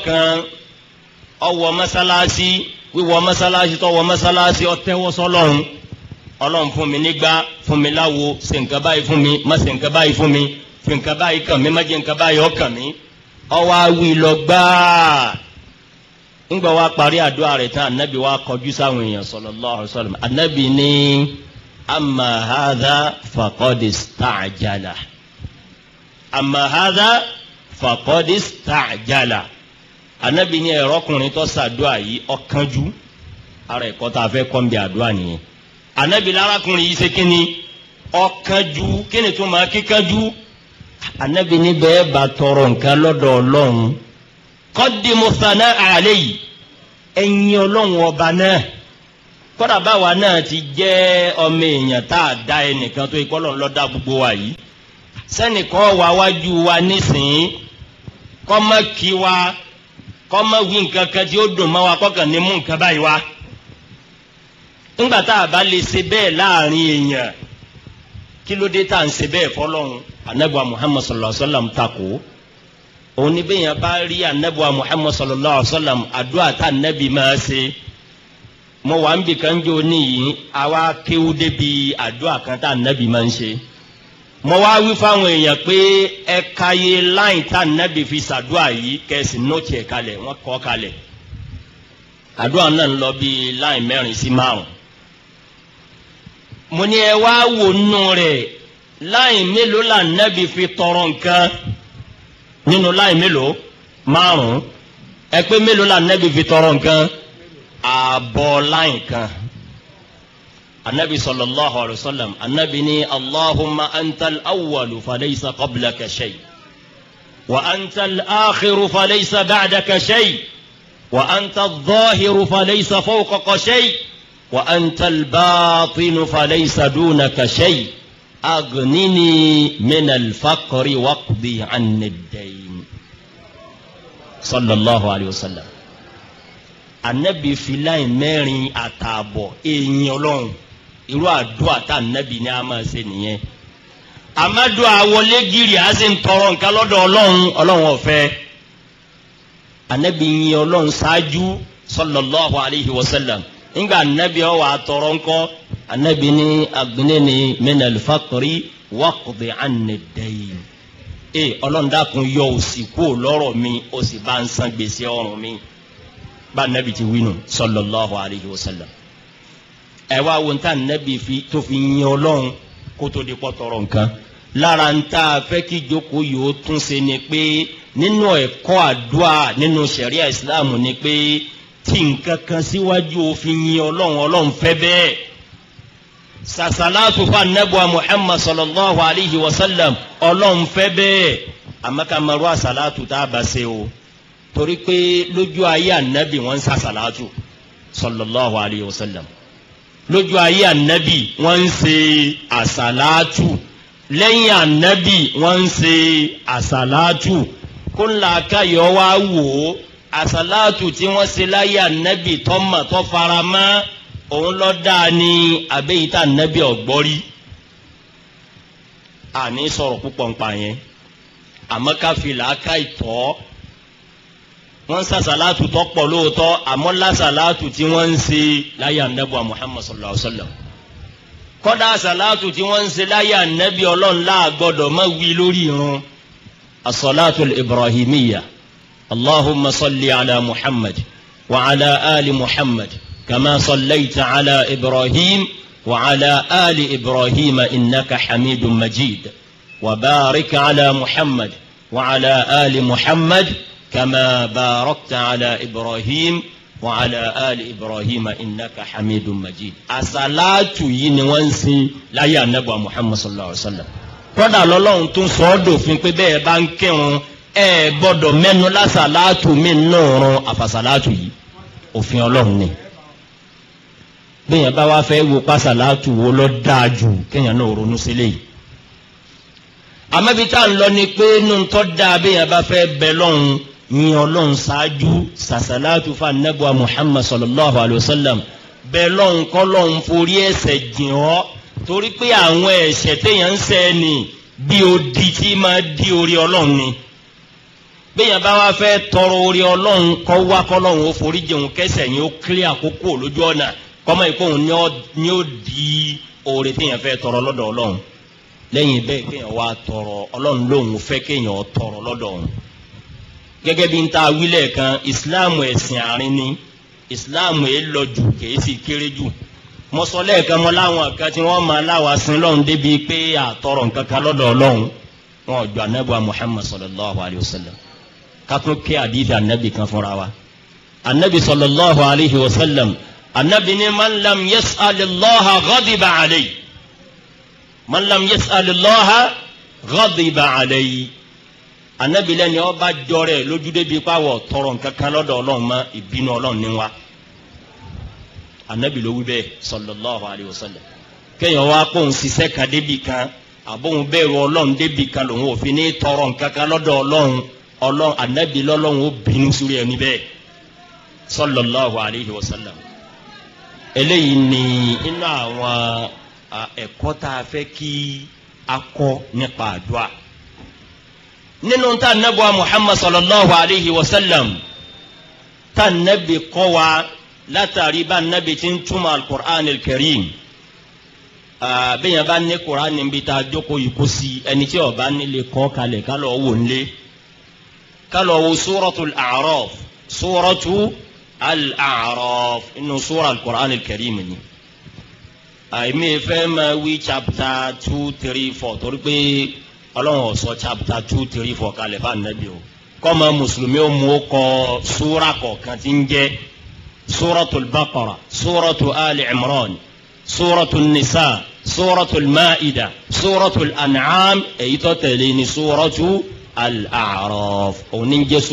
ọwọ́ mọ́sálásí wíwọ́ mọ́sálásí tọ́wọ́ mọ́sálásí ọtẹ́wọ́ sọlọ́run ọlọ́run fún mi nígbà fún mi láwo ṣe nǹkan báyìí fún mi má ṣe nǹkan báyìí fún mi fi nǹkan báyìí kàn mí má jẹ́ nǹkan báyìí ọkàn mí ọwọ́ awi lọ gbáà ńgbà wa parí àdúrà rẹ̀ tán anabi wa kọjú sáwọn èèyàn sallallahu alaihi wasallam anabi ní amma hadha faqad ista'jala amma hadha anabi ní ẹ̀rọ ọkùnrin tó ṣàdúrà yìí ọ̀kanjú ara ẹ̀kọ́ tá a fẹ́ kọ́ ń bí àdúrà nìyẹn anabi lárakùnrin yìí ṣe kíni ọ̀kanjú kíni tó máa kíkanjú anabi ní bẹ́ẹ̀ bá tọrọ nǹkan lọ́dọ̀ ọlọ́run qaddimu sanaa alayhi ẹ̀yin ọlọ́run ọba náà kọ́dà báwa náà ti jẹ́ ọmọ èèyàn tá a da ẹnìkan tó ikọ́ lọ́n lọ́dá gbogbo wa yìí sẹ́nìkan wà wájú wa nísìnyí kọ́mọ́kì wa. Wa kọ́mọ wí nǹkan kan tí ó dùn mọ́ wa kọ́kàn ní mú nǹkan báyìí wá nígbà tá a bá lè ṣe bẹ́ẹ̀ láàrin èèyàn kí ló dé tá à ń ṣe bẹ́ẹ̀ fọlọ́run anabiwa muhammad sallallahu alaihi wa sallam takò òun ni bẹ́ẹ̀ yẹn bá rí anabiwa muhammad sallallahu alaihi wa sallam àdúrà tá anabi máa ṣe mo wà ń bì kan jò níyì àwa kéwú débi àdúrà kan tá anabi máa ń ṣe mo wá wí fáwọn èèyàn pé ẹ kàyé láì tá nẹ́bì fi ṣàdúrà yìí kẹsì nóòtì ẹ̀ kalẹ̀ wọ́n kọ́ kalẹ̀ àdúrà náà ń lọ bí láì mẹ́rin sí márùn mo ní ẹ wá wò nù rẹ̀ láì mélòó là nẹ́bì fi tọrọ nǹkan nínú láì mélòó márùn ẹ pé mélòó là nẹ́bì fi tọrọ nǹkan ààbọ̀ láì kan anabi sallallahu alayhi wa sallam anabi ni allahumma antal awwalu falaysa qablaka shay wa antal akhiru falaysa ba'daka shay wa antal zahiru falaysa fawqaka shay wa antal baatinu falaysa dunaka shay aghnini min alfaqri waqdi anni ad-dayn sallallahu alayhi wa sallam anabi filayin mẹ́rin àtààbọ̀ èèyàn Ọlọ́run irú àdúrà tá ànábì ni a máa ṣe nìyẹn amadu awọlé gírì a sì ń tọrọ nǹkan lọ́dọ̀ ọlọ́run ọlọ́run ọ̀fẹ́ ànábì yin ọlọ́run ṣáájú sallallahu alayhi wa sallam nígbà ànábì ọ wà tọrọ ńkọ ànábì ní aghnini minal faqri waqdi anni dayn ee ọlọ́run dákun yọ òsì kúò lọ́rọ̀ mi ó sì bá ń san gbèsè ọrùn mi bá ànábì ti wí nù sallallahu alayhi wa ẹ wá wo níta nẹ́bi fi tó fi yin ọlọ́run kó tó di pọ́ tọrọ nǹkan lára ń tá a fẹ́ kí ìjókòó yìí ó tún ṣe ni pé nínú ẹ̀kọ́ àdúrà nínú sẹ̀ríà ìsìláàmù ni pé tí nǹkan kan síwájú òfin yin ọlọ́run ọlọ́run fẹ́ bẹ́ẹ̀ sàṣàlátù fún anábùwà muhammad sallallahu alayhi wa sallam ọlọ́run fẹ́ bẹ́ẹ̀ amákàmárù àṣàlátù tá a bá ṣe o torí pé lójú ayé anábì wọ́n ń sallallahu alayhi wa sallam lójú ayé ànábì wọ́n ń ṣe àsàlátù lẹ́yìn ànábì wọ́n ń ṣe àsàlátù kó ńlá káyọ̀ wá wò ó àsàlátù tí wọ́n ṣe láyé ànábì tọ́mọ̀ tó fara mọ́ òun lọ dáa ní abẹ́yìíta ànábì ọ̀gbọ́rí àní sọ̀rọ̀ púpọ̀ ńpa yẹn àmọ́ ká fi wọ́n sa salatu tó pọ̀ lóòótọ́ àmọ́ la salatu tí wọ́n ń ṣe láyé anabi muhammad sallallahu alayhi wa sallam kọ́dà salatu tí wọ́n ń ṣe láyé anabi ọlọ́run láàgbọ́dọ̀ má wí lórí irun asalatu ibrahimiya allahumma salli ala muhammad wa ala ali muhammad kama sallaita ala ibrahim wa ala ali ibrahim innaka hamidun majid wa barik ala muhammad wa ala ali muhammad. كما باركت على إبراهيم وعلى آل إبراهيم إنك حميد مجيد الصلاة ينوانسي لا يا نبوة محمد صلى الله عليه وسلم kọ́dà lọ́lọ́run tún sọ ọ́ dòfin pé bẹ́ẹ̀ bá ń kírun ẹ gbọ́dọ̀ mẹ́nu lásàlátù mi náà ran àfàsàlátù yìí òfin ọlọ́run ni bẹ́ẹ̀ bá wá fẹ́ wo pásàlátù wo lọ dáa jù kéèyàn náà ronú sílẹ̀ yìí àmọ́bi tá à ń lọ ni pé nùtọ́ dáa bẹ́ẹ̀ bá fẹ́ bẹ lọ́run yin ọlọ́run ṣáájú sàṣàlátù fún anábọ̀ muhammad sallallahu alayhi wa sallam bẹ́ẹ̀ lọ́run kọ́ lọ́run forí ẹ̀ṣẹ̀ jìn ọ́ torí pé àwọn ẹ̀ṣẹ̀ téèyàn ń ṣẹ̀ ni bí o di tí máa di orí ọlọ́run ni béèyàn bá wá fẹ́ tọrọ orí ọlọ́run kọ́ wá kọ́ lọ́run ó forí jẹun kẹsẹ̀ yín ó kílẹ̀ àkókò lójú ọ̀nà kọ́mọ ìkóhun ni ó di oore téèyàn fẹ́ tọrọ lọ́dọ̀ ọlọ́run lẹ́yìn bẹ́ẹ̀ kéèyàn wá tọrọ ọlọ́run lòun fẹ́ kéèyàn tọrọ lọ́dọ̀ ọ̀hún gẹ́gẹ́ bí n ta wílẹ̀ kan ìsìláàmù ẹ̀sìn àárín ni ìsìláàmù yẹn lọ jù kìí sì kéré jù mọ́sọ́lẹ̀ kan mọ́ láwọn kan tí wọ́n máa láwa sin lọ́hùn débi pé àtọrọ nǹkan kan lọ́dọ̀ ọlọ́hùn wọn ò jọ anábìwa muhammad sallallahu alayhi wa sallam kátó ké àdìsí anábì kan fúnra wa anábì sallallahu alayhi wa sallam anábì ni man lam yas'alillaha ghadiba alayhi man lam yas'alillaha ghadiba alayhi anabi lẹni ọba jọrẹ lójúde bíi pàwọ tọrọ nkankan lọ́dọ̀ Ọlọ́run mọ ìbínú Ọlọ́run ní wa anabi ló wí bẹ́ẹ̀ sallallahu alayhi wa sallam kéèyàn wá kó ń ṣiṣẹ́ kan débi kan àbóhun bẹ̀rù Ọlọ́run débi kan lòun òfin ní tọrọ nkankan lọ́dọ̀ Ọlọ́run Ọlọ́run anabi lọ́lọ́run ó bínú sórí ẹni bẹ́ẹ̀ sallallahu alayhi wa sallam eléyìí ni inú àwọn ẹ̀kọ́ tá kí a nípa àdúrà nínú tá nàbọ̀ muhammad sallallahu alayhi wa sallam tá nàbì kọ́ wa látàrí bá nàbì ti ń túmọ̀ alukur'an karim bẹ́ẹ̀ bá ní kur'an níbi tá a jókòó yìí kó sí ẹni tí ó bá nílé kọ́ kalẹ̀ ká lọ wò nílé ká lọ wò suratul a'raf suratu al-a'raf inú sura alukur'an karim ni àìmí fẹ́ máa wí chapter two three four torí pé ọlọ́run ọ̀sọ́ chapter two three four kalẹ̀ fún anabi o kọ́mọ mùsùlùmí ó mú kọ súra kọ̀ọ̀kan tí ń jẹ́ súratul baqara súratul ali imran súratul nisa súratul maida súratul an'am èyí tó tẹ̀lé ní súratu al-a'raf òun ní ń jẹ́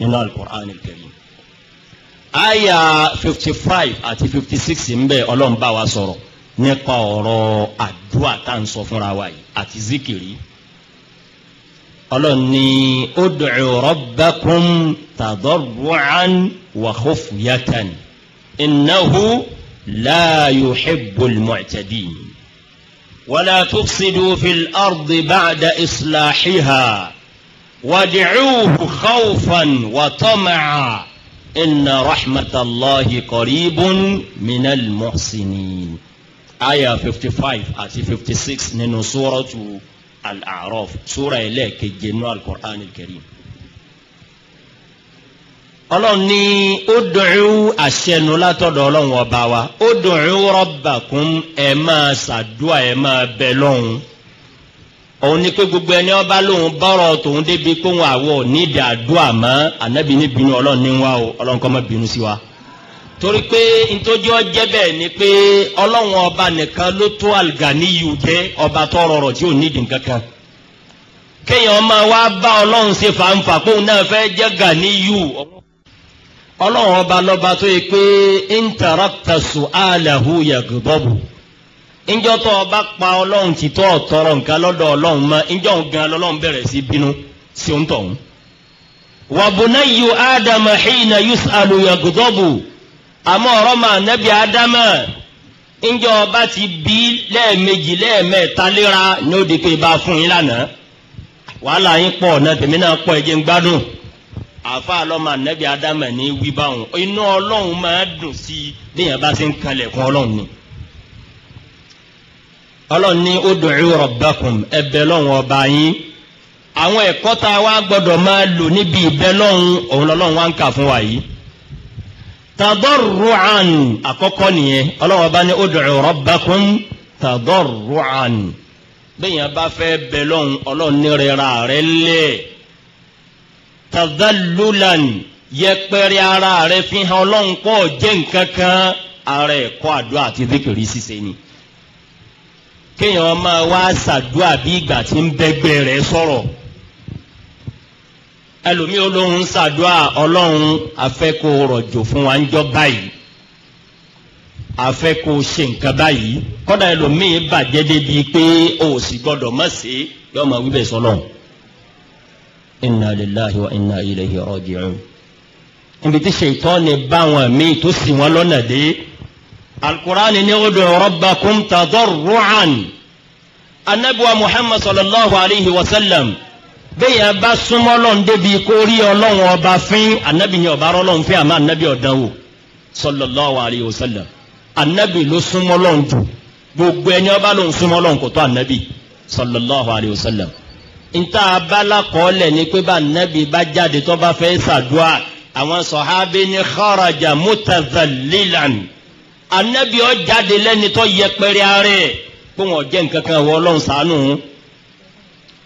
nínú al-Qur'an aya fifty five àti fifty six ń bẹ ọlọ́run bá wa sọ̀rọ̀. nípa ọ̀rọ̀ àdúrà tá à ń sọ fúnra wa yìí àti zikiri ọlọ́run ní ud'u rabbakum tadarru'an wa khufyatan innahu la yuhibbul mu'tadin wala tufsidu fil ardi ba'da islahiha wad'uhu khawfan wa tama'a inna rahmatallahi qaribun minal muhsinin. aya fifty five àti fifty six nínú suratu al-A'raf sura ẹlẹ́ẹ̀keje nínú al-Qur'an al-Karim. ọlọ́run ní ud'u àṣẹnu látọ̀dọ̀ ọlọ́run ọba wa ud'u rabbakum ẹ máa ṣàdúà ẹ máa bẹ lọ́hùn. òun ni pé gbogbo ẹni ọba lòun bọ́rọ̀ tòun débi pé àwọ̀ nídìí àdúà mọ́ ànábì bínú ọlọ́run ní wá o ọlọ́run kọ́ mọ́ bínú sí wa. torí pé ntọ́jọ́ ọjẹ́ bẹ́ẹ̀ ni pé ọlọ́run ọba nìkan ló tó àlùgáníyù jẹ́ ọba tó rọrọ̀ tí ò nídìí nǹkan kan kéèyàn máa wá bá ọlọ́run ṣe fàǹfà kóun náà fẹ́ jẹ́ gàníyù ọlọ́run ọba lọ́ba tó yẹ pé intarakta su'alahu yagbọ́bù ńjọ́ tó ọba pa ọlọ́run ti tọ́ nǹkan lọ́dọ̀ ọlọ́run mọ́ ńjọ́ gan bẹ̀rẹ̀ sí bínú sí wàbùnáyù hìnà àmọ́ ọ̀rọ̀ mà nẹ́bí ádámà ńjọ ọba ti bí lẹ́ẹ̀mejì lẹ́ẹ̀mẹ́ta léra ní òde pé bá fún yín lánàá wàhálà yín pọ̀ ọ̀nà tèmi náà pọ̀ ẹ̀jẹ̀ ń gbádùn àfa àlọ́mà nẹ́bí ádámà ní wí báwọn inú ọlọ́run máa dùn sí i léèyàn bá ti ń kanlẹ̀ kún ọlọ́run ni ọlọ́run ní ud'u rabbakum ẹ̀bẹ̀ lọ́run ọba yín àwọn ẹ̀kọ́ tá a wá gbọ́dọ̀ máa lò níbi ìbẹ́ lọ́run òun lọ́lọ́run wá ń kà fún wa yìí tàdọ́rùn àkọ́kọ́ nìyẹn ọlọ́wọ́ bá ní ud'u rabbakum tàdọ́rùn bẹ́yìn bá fẹ́ bẹ lọ́hùn ọlọ́run ní rẹ̀ra rẹ̀ lẹ̀ tàdálùlàn yẹpẹrẹ ara rẹ̀ fi hàn ọlọ́run kọ́ jẹ́ nǹkan kan ara ẹ̀kọ́ àdúrà àti zikiri ṣíṣe ni kéèyàn máa wá ṣàdúrà bí ìgbà tí ń bẹ́gbẹ́ rẹ̀ sọ̀rọ̀ ẹlòmíì olóhùn ń ṣàdúrà ọlọ́run afẹ́kò rọ̀jò fún wa ń jọ báyìí afẹ́kò ṣe nǹkan báyìí kọ́dà ẹlòmíì bàjẹ́ débi pé o ò sì gbọ́dọ̀ má ṣe yóò máa wíbẹ̀ sọlọ́run. inna lillahi wa inna ilayhi raji'un. níbi tí ṣètọ́ni bá wọn míì tó sì wọn lọ́nà dé alukuraani ni o do rabbakum tadarru'an anabiwa muhammad sallallahu alayhi wa sallam bẹ́yàn bá súnmọ́ lọ́n débi kó rí ọlọ́run ọba fín ànábì ni ọba rọ́lọ́run fín àmọ́ ànábì ọ̀dán wò sallallahu alayhi wa sallam ànábì ló súnmọ́ lọ́n jù gbogbo ẹni ọba ló ń súnmọ́ lọ́n kò tó ànábì sallallahu alayhi wa níta abala kọ́ọ̀lẹ̀ ni pé bá ànábì bá jáde tó bá fẹ́ sàdúà àwọn sọ̀hábẹ́ ni kharaja mutazallilan ànábì ó jáde lẹ́ni tó yẹpẹrẹ ààrẹ pé wọ́n jẹ́ nǹkan wọ́ ọlọ́run ṣàánú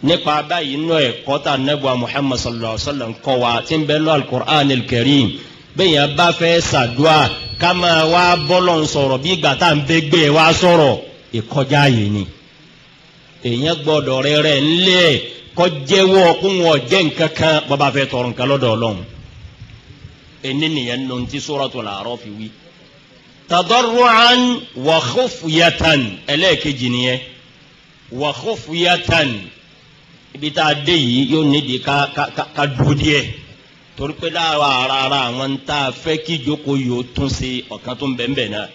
nípa báyìí nínú ẹ̀kọ́ tá nẹ́bùa muhammad sallallahu alayhi wa sallam kọ́ wa tí ń bẹ lọ́ alukur'an karim bẹ́ẹ̀ yẹn bá fẹ́ sàdúà ká máa wá bọ́lọ̀ ń sọ̀rọ̀ bí ìgbà tá à ń bẹ gbé wá sọ̀rọ̀ ìkọjá yìí ni èèyàn gbọ́dọ̀ rẹ́rẹ́ ńlẹ̀ kọjẹ́wọ́ kó wọn jẹ́ nǹkan kan bàbá fẹ́ tọrọ nǹkan lọ́dọ̀ ọlọ́run ẹni nìyẹn nù ti suratul A'raf fi wí. tadarru'an wa khufyatan ẹlẹ́ẹ̀kejì nìyẹn wa ibi tá a dé yìí yóò nídìí ká ká ká dúró díẹ̀ torí pé lára ara ara àwọn tá a fẹ́ kí ìjókòó yìí ó tún ṣe ọ̀kan tó ń bẹ̀ ń bẹ̀ náà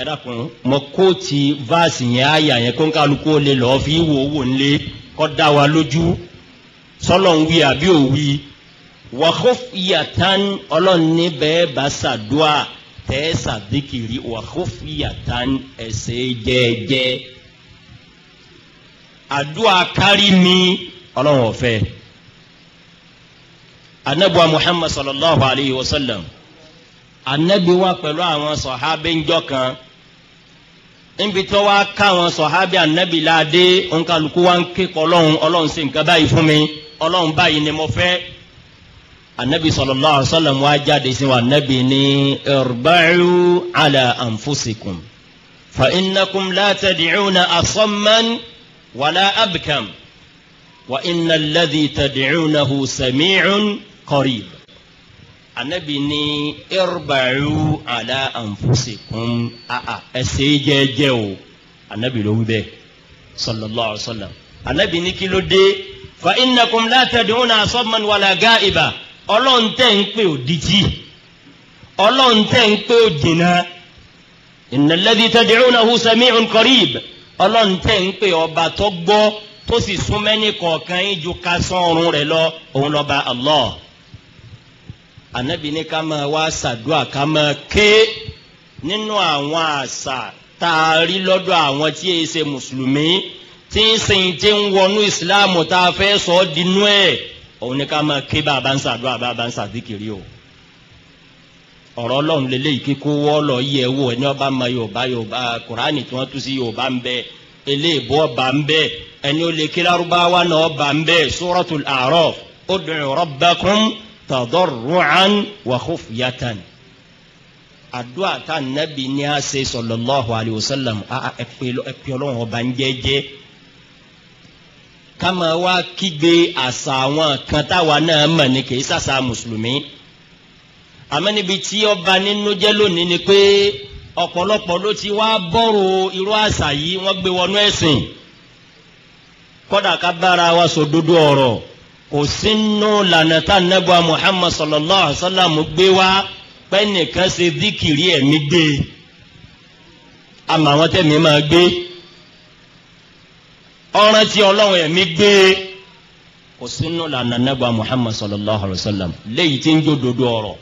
ẹ dákun mọ kóòtì vaasi yẹn àyà yẹn kó ń kálukú ó lè lọ́ọ́ fi wò wò ń lé kọ́ dá wa lójú sọ́lọ̀ ń wí àbí ò wí wàhófìyàtán ọlọ́ọ̀ni bẹ́ẹ̀ bá ṣàdúà tẹ́ ṣàdíkìrì wàhófìyàtán ẹ̀ṣẹ̀ jẹ́ẹ́jẹ́ẹ́ àdúrà kárí mi ọlọ́run ọ̀fẹ́ anabuwa muhammad sallallahu alayhi wa sallam anabi wa pẹ̀lú àwọn sọ̀hábẹ́ ńjọ́ kan níbi tí wọ́n wá káwọn sọ̀hábẹ́ anabi láadé ònkàlùkù wa ń ké kọlọ́hún ọlọ́run sì nǹkan báyìí fún mi ọlọ́run báyìí ni mo fẹ́ anabi sallallahu alayhi wa sallam wa jáde sí wa anabi ní irba'u ala anfusikum fa innakum la tad'una asamman wàlá abkam wa inna alladhi tad'unahu sami'un qarib anabi ni irba'u ala anfusikum aa ẹsẹ jẹjẹ o anabi ló wí bẹ́ẹ̀ sallallahu alaihi wa sallam anabi ni kí ló dé fa innakum la tad'una asamman wala ga'iba ọlọ́run tẹ̀ ń pè ó dìtì ọlọ́run tẹ̀ ń pè ó dìnnà inna alladhi tad'unahu sami'un qarib ọlọ́run tẹ̀ ń pè ọba tó gbọ́ tó sì sún mẹ́ni kọ̀ọ̀kan yín ju ká sán ọrùn rẹ̀ lọ òun lọ́ba Allah ànábì ní ká máa wá ṣàdúà ká máa ké nínú àwọn àṣà tá a rí lọ́dọ̀ àwọn tí èyí ṣe mùsùlùmí tí ń sìn tí ń wọnú ìsìláàmù tá a fẹ́ sọ ọ́ dinú ẹ̀ òun ní ká máa ké bá a bá ń ṣàdúà bá a bá ń ṣàdíkiri o ọ̀rọ̀ ọlọ́run lélẹ́ yìí kíkó wọ́ọ̀lọ́ yẹ wo ẹni ọba ma yorùbá yorùbá kùránì tí wọ́n tú sí yorùbá ń bẹ eléèbó ọba ń bẹ ẹni ó lè kí lárúbáwá náà ọba ń bẹ suratul A'raf ud'u rabbakum tadarru'an wa khufyatan. àdúrà tá nàbì ní a ṣe sallallahu alayhi wa sallam ẹ̀pẹ́ ọlọ́run ọba ń jẹ́jẹ́ ká kígbe àṣà àwọn kan náà mọ̀ ní kì í sàṣà mùsùlùmí àmọ́ níbi tí ọba nínú jẹ́ lónìí ni pé ọ̀pọ̀lọpọ̀ ló ti wá bọ́rọ̀ irú àṣà yìí wọ́n gbé wọnú ẹ̀sìn kódà ká bára wa sòdodo ọ̀rọ̀ kò sínú lànà tá nẹ́bùa Muhammad sallallahu alaihi wasallam gbé wá pé nìkan ṣe díkìrì ẹ̀mí gbé àmọ́ àwọn tẹ̀mí máa gbé ọ̀ràn tí ọlọ́run ẹ̀mí gbé kò sínú lànà nẹ́bùa Muhammad sallallahu alaihi wasallam léyìí tí ń jó dodo ọ̀rọ̀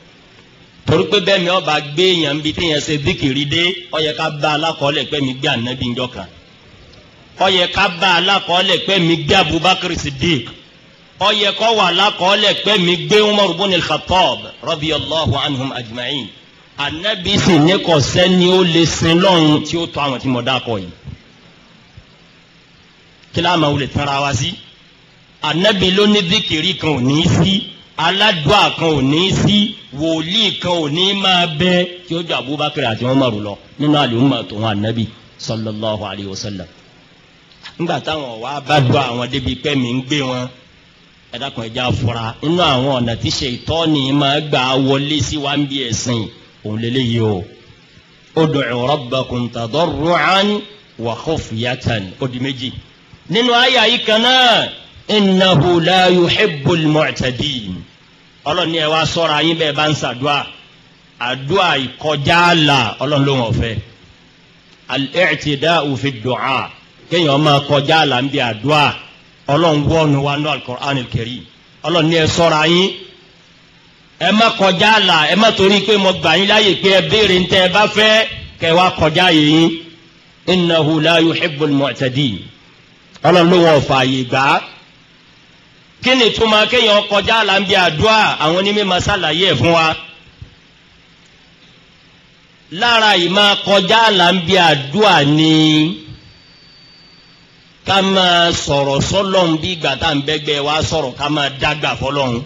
torí pé bẹ́ẹ̀ mi ọba gbé èèyàn bíi téèyàn ṣe díkìrì dé ó yẹ ká bá alákọ̀ọ́lẹ̀ pé mi gbé ànábì ńjọ́ kan ó yẹ ká bá alákọ̀ọ́lẹ̀ pé mi gbé Abubakar Siddiq ó yẹ kó wà alákọ̀ọ́lẹ̀ pé mi gbé Umar bin al-Khattab radiyallahu anhum ajma'in ànábì sì ní kò sẹ́ni ó lè sin lọ́run tí ó tọ́ àwọn tí mo dákọ̀ yìí kí láàmà wulẹ̀ tẹ́ra wa sí ànábì ló ní díkìrì kan ò ní í sí aládùá kan ò ní sí wòlíì kan ò ní máa bẹ tí ó jọ Abubakar àti Umaru lọ nínú àlùmọ̀ tòun ànábì sallallahu alayhi wa sallam ńgbà táwọn wàá bá dùn àwọn débi pẹ́ mi ń gbé wọn ẹ dákun ẹja fura nínú àwọn ọ̀nà tí ṣètọ́ni máa gbà wọlé sí wa ń bí ẹ̀sìn òun lélẹ́yìí o ud'u rabbakum tadarru'an wa khufyatan ó di méjì nínú àyà yìí kan náà innahu la yuhibbul mu'tadin ọlọ́ni ẹ wá sọ́ra yín bẹ́ẹ̀ bá ń sàdúà àdúà ìkọjá là ọlọ́run ló wọ̀n fẹ́ al-i'tida'u fi du'a kéèyàn máa kọjá là ń bi àdúà ọlọ́run wọ́ọ̀nù wa ní al-Qur'an al-Karim ọlọ́ni ẹ sọ́ra yín ẹ má kọjá là ẹ má torí pé mo gbà yín láyè pé ẹ béèrè ń tẹ ẹ bá fẹ́ kẹ wá kọjá yìí innahu la yuhibbul mu'tadin ọlọ́run ló wọ̀n fààyè gbàá kí ni túmọ̀ kéèyàn kọjá àlàǹbí àdúrà àwọn onímọ̀ sàlàyé ẹ̀ fún wa lára ìmọ̀ kọjá àlàǹbí àdúrà ni ká máa sọ̀rọ̀ sọ́lọ́hún bí ìgbà tá à ń bẹ́gbẹ́ wa sọ̀rọ̀ ká máa dágbà fọlọ́hún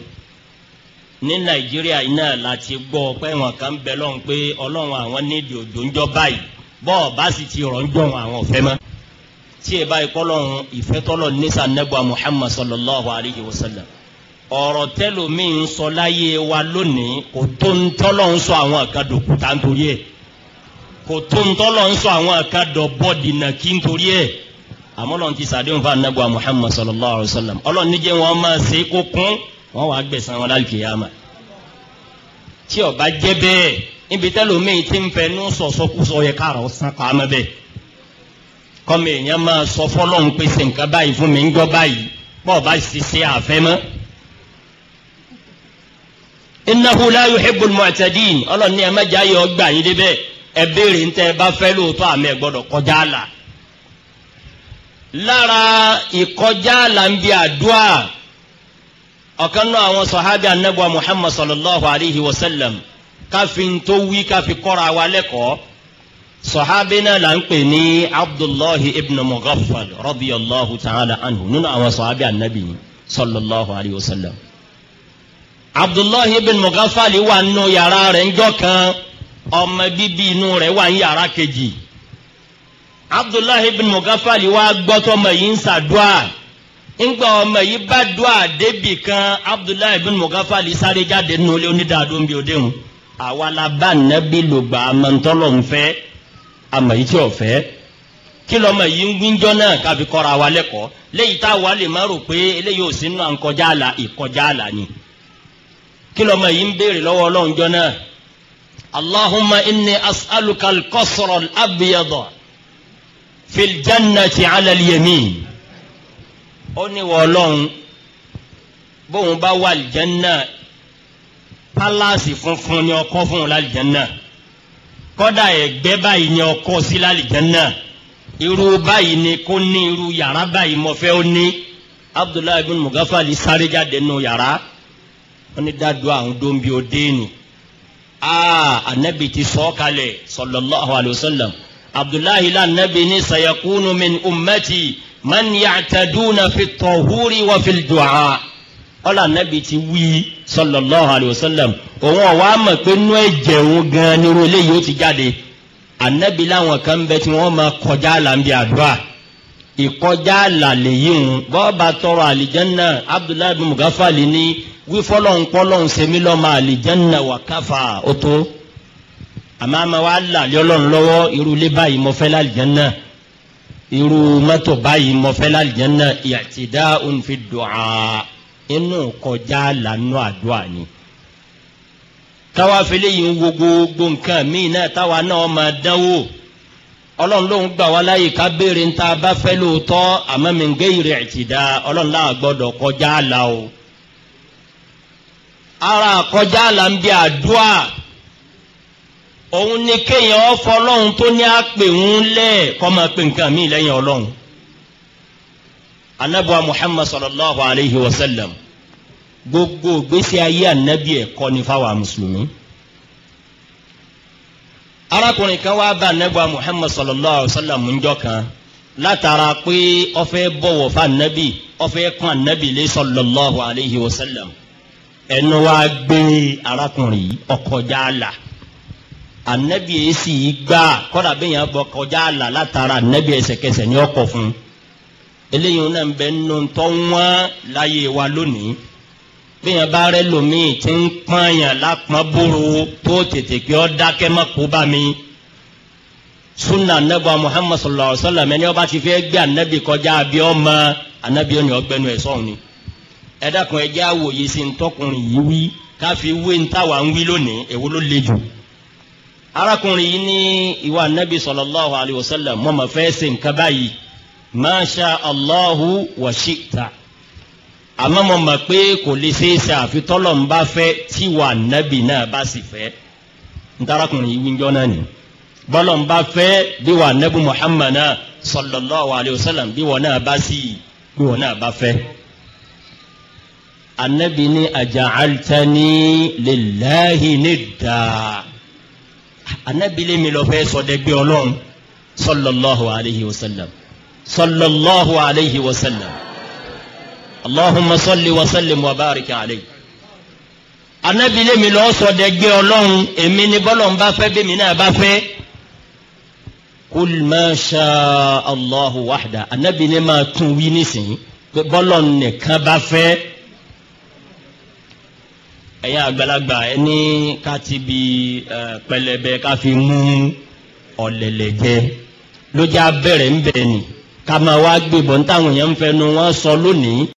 ní nàìjíríà iná láti gbọ́ pé wọn kàn ń bẹ lọ́hún pé ọlọ́run àwọn nídìí òjò ń jọ báyìí bọ́ọ̀ bá sì ti rọ̀ ń jọ̀ wọn àwọn ò fẹ́ mọ́. tí ẹ báyìí kọ́lọ́hún ìfẹ́tọ́lọ́ nísà nẹ́gbà Muhammad sallallahu alayhi wa sallam ọ̀rọ̀ tẹ́lómi ń sọ láyé wa lónìí kò tó ń ń sọ àwọn kan dòkúta nítorí ẹ̀ kò tó ń tọ́lọ́ ń sọ àwọn Muhammad sallallahu alayhi wa sallam ọlọ́run níjẹ́ wọn máa ṣe é kó kún wọn wàá wọn tí jẹ́ bẹ́ẹ̀ níbi kọ́mi èèyàn máa sọ fọlọ́run pé ṣe nǹkan báyìí fún mi ń gbọ́ báyìí bọ́ọ̀ bá sì ṣe àfẹ́ mọ́. innahu la yuhibbul mu'tadin ọlọ́ni ẹ mẹ́jà yọ ọgbà yín débẹ̀ ẹ béèrè ń tẹ́ ẹ bá fẹ́ lóòótọ́ àmì ẹ gbọ́dọ̀ kọjá àlà. lára ìkọjá àlà ń bi àdúà ọ̀kan náà àwọn sọ̀hábì anábọ̀ Muhammad sallallahu alayhi wa sallam káfíntó wí káfí wa lẹ́kọ̀ọ́ sọ̀hábí náà là ń pè ní abdullahi ibn mughaffal radiyallahu ta'ala anhu nínú àwọn sọ̀hábí anabi sallallahu alayhi wa sallam abdullahi ibn mughaffal wà nínú yàrá rẹ̀ ńjọ́ kan ọmọ bíbí inú rẹ̀ wà ní yàrá kejì abdullahi ibn mughaffal wá gbọ́tọ̀ ọmọ yìí ń ṣàdúà ńgbà ọmọ yìí bá dúà débì kan abdullahi ibn mughaffal sáré jáde nínú ilé onídàádó ń bí àwa la bá nàbí lògbà àmọ́ ntọ́lọ́ àmọ́ yìí tí ò fẹ́ kí lọ́mọ yìí ń gbíjọ́ náà káfi kọ́ra wa lẹ́kọ̀ọ́ léyìí tá a wà lè má rò pé eléyìí ò sí nù à ń kọjá àlà ìkọjá àlà ni kí lọ́mọ yìí ń béèrè lọ́wọ́ ọlọ́run jọ náà allahumma inni as'aluka al-qasra al-abyada ó ní wọ ọlọ́run bóun bá wà lìjẹ́ náà pálásì funfun ni ọkọ fún un lálìjẹ́ náà kọ́dà ẹ̀gbẹ́ báyìí ni ọkọ sí lálìjánná irú báyìí ni kò ní irú yàrá báyìí mo fẹ́ ó ní Abdullahi ibn Mugafali sáré jáde nù yàrá wọn ni dadu ah, àwọn dombi odeni aa anabi ti sọ kalẹ̀ sallallahu alayhi wa sallam Abdullahi la anabi ni sayakunu min ummati man ya'taduna fi tọhuri wa fi du'a ọ̀là nẹ́bi ti wí sallallahu alayhi wa sallam òun ọ̀wá mọ̀ pé nú ẹ̀jẹ̀ òun gan ni irú eléyìí ó ti jáde ànẹ́bi láwọn kan bẹ tí wọ́n máa kọjá àlà ń bi àdúrà ìkọjá àlà lèyí òun bọ́ọ̀bà tọrọ àlìjẹ́nà abdullahi bin mugafali ní wífọ́lọ́hún pọ́lọ́hún sẹ́mi lọ́mọ àlìjẹ́nà wà káfà ó tó àmọ́ àmọ́ wa là ọlọ́run lọ́wọ́ irú ilé báyìí mo fẹ́ lálìjẹ́nà irú mọ́tò báyìí mo fẹ́ lálìjẹ́nà i'tida'un fi du'a inú kọjá lànà àdúrà ni táwa fele yìí ń wo gbogbo nǹkan míì náà táwa náà máa dánwò ọlọ́run ló ń gbà wá láyè ká béèrè ń bá fẹ́ lóòótọ́ àmọ́ mi ń gé ìrẹ̀ ẹ̀tì dá ọlọ́run láà gbọ́dọ̀ kọjá àlà o ara kọjá àlà ń bí àdúrà òun ni kéèyàn ọ̀fọ̀ ọlọ́run tó ní àpè ń lẹ̀ kọ́ máa pè nǹkan míì lẹ́yìn ọlọ́run anabuwa muhammad sallallahu alayhi wa sallam gbogbo gbèsè ayé anabi ẹ̀kọ́ ní fáwọn mùsùlùmí arákùnrin kan wá bá anabuwa muhammad sallallahu alayhi wa sallam ńjọ́ kan látara pé ó fẹ́ bọ̀wọ̀ fún anabi ó fẹ́ kún anabi lé sallallahu alayhi wa sallam ẹnu wa gbé arákùnrin yìí ó kọjá àlà anabi yìí sì gbà kọ́dà bẹ́ẹ̀ yẹn bọ́ kọjá àlà látara anabi ẹsẹ̀kẹsẹ̀ ní ọkọ̀ fún un eléyìí náà ń bẹ nínú tọ́ wọ́n láyé wa lónìí bí yẹn bá rẹ lòmíì tí ń pọ́nyàn lápọ́n bóró tó tètè pé ọ́ dákẹ́ mọ́ kó bá mi sunna anabi muhammad sallallahu alaihi wa sallam ẹni ọba ti fẹ́ gbé anabi kọjá abí ọmọ anabi ọ̀nà ọgbẹ́nu ẹ̀ sọ́hun ni ẹ dákun ẹ jẹ́ àwòye sí ntọ́kùnrin yìí wí káfí wé ntàwá ń wí lónìí èwo ló le jù arákùnrin yìí ní ìwà anabi sallallahu alaihi wa sallam mọ́ mọ́ fẹ́ ṣe nǹkan báyìí masha allahu wa shi'ta àmọ́ mo mọ̀ pé kò lè ṣeé ṣe àfi tọ́lọ̀ ń bá fẹ́ tí wà nábì náà bá sì fẹ́ ntarakùnrin yìí wíjọ́ náà ni bọ́lọ̀ ń bá fẹ́ bí wà nábì muhammad sallallahu alayhi wa sallam bí wọ́n náà bá sì bí wọ́n náà bá fẹ́. anabi ni aja'altani lillahi nidda anabi lèmi lọ fẹ́ sọdẹ́gbẹ́ ọlọ́run sallallahu alayhi wa sallam. صلى الله عليه وسلم اللهم صل وسلم وبارك عليه anabi lèmi lọ sọ dẹgbẹ Ọlọ́run èmi ni bọlọrun bá fẹ́ bẹmi náà bá fẹ́ kulmasha allahu wahda anabi ni máa tún wí nísìnyí pé bọlọrun nìkan bá fẹ́ ẹ̀yin àgbàlagbà ẹni ká ti bi pẹlẹbẹ ká fi mú ọlẹlẹ jẹ ló jẹ abẹrẹ ń bẹ ni ká máa wá gbébọn táwọn èèyàn ń fẹnu wọn sọ lónìí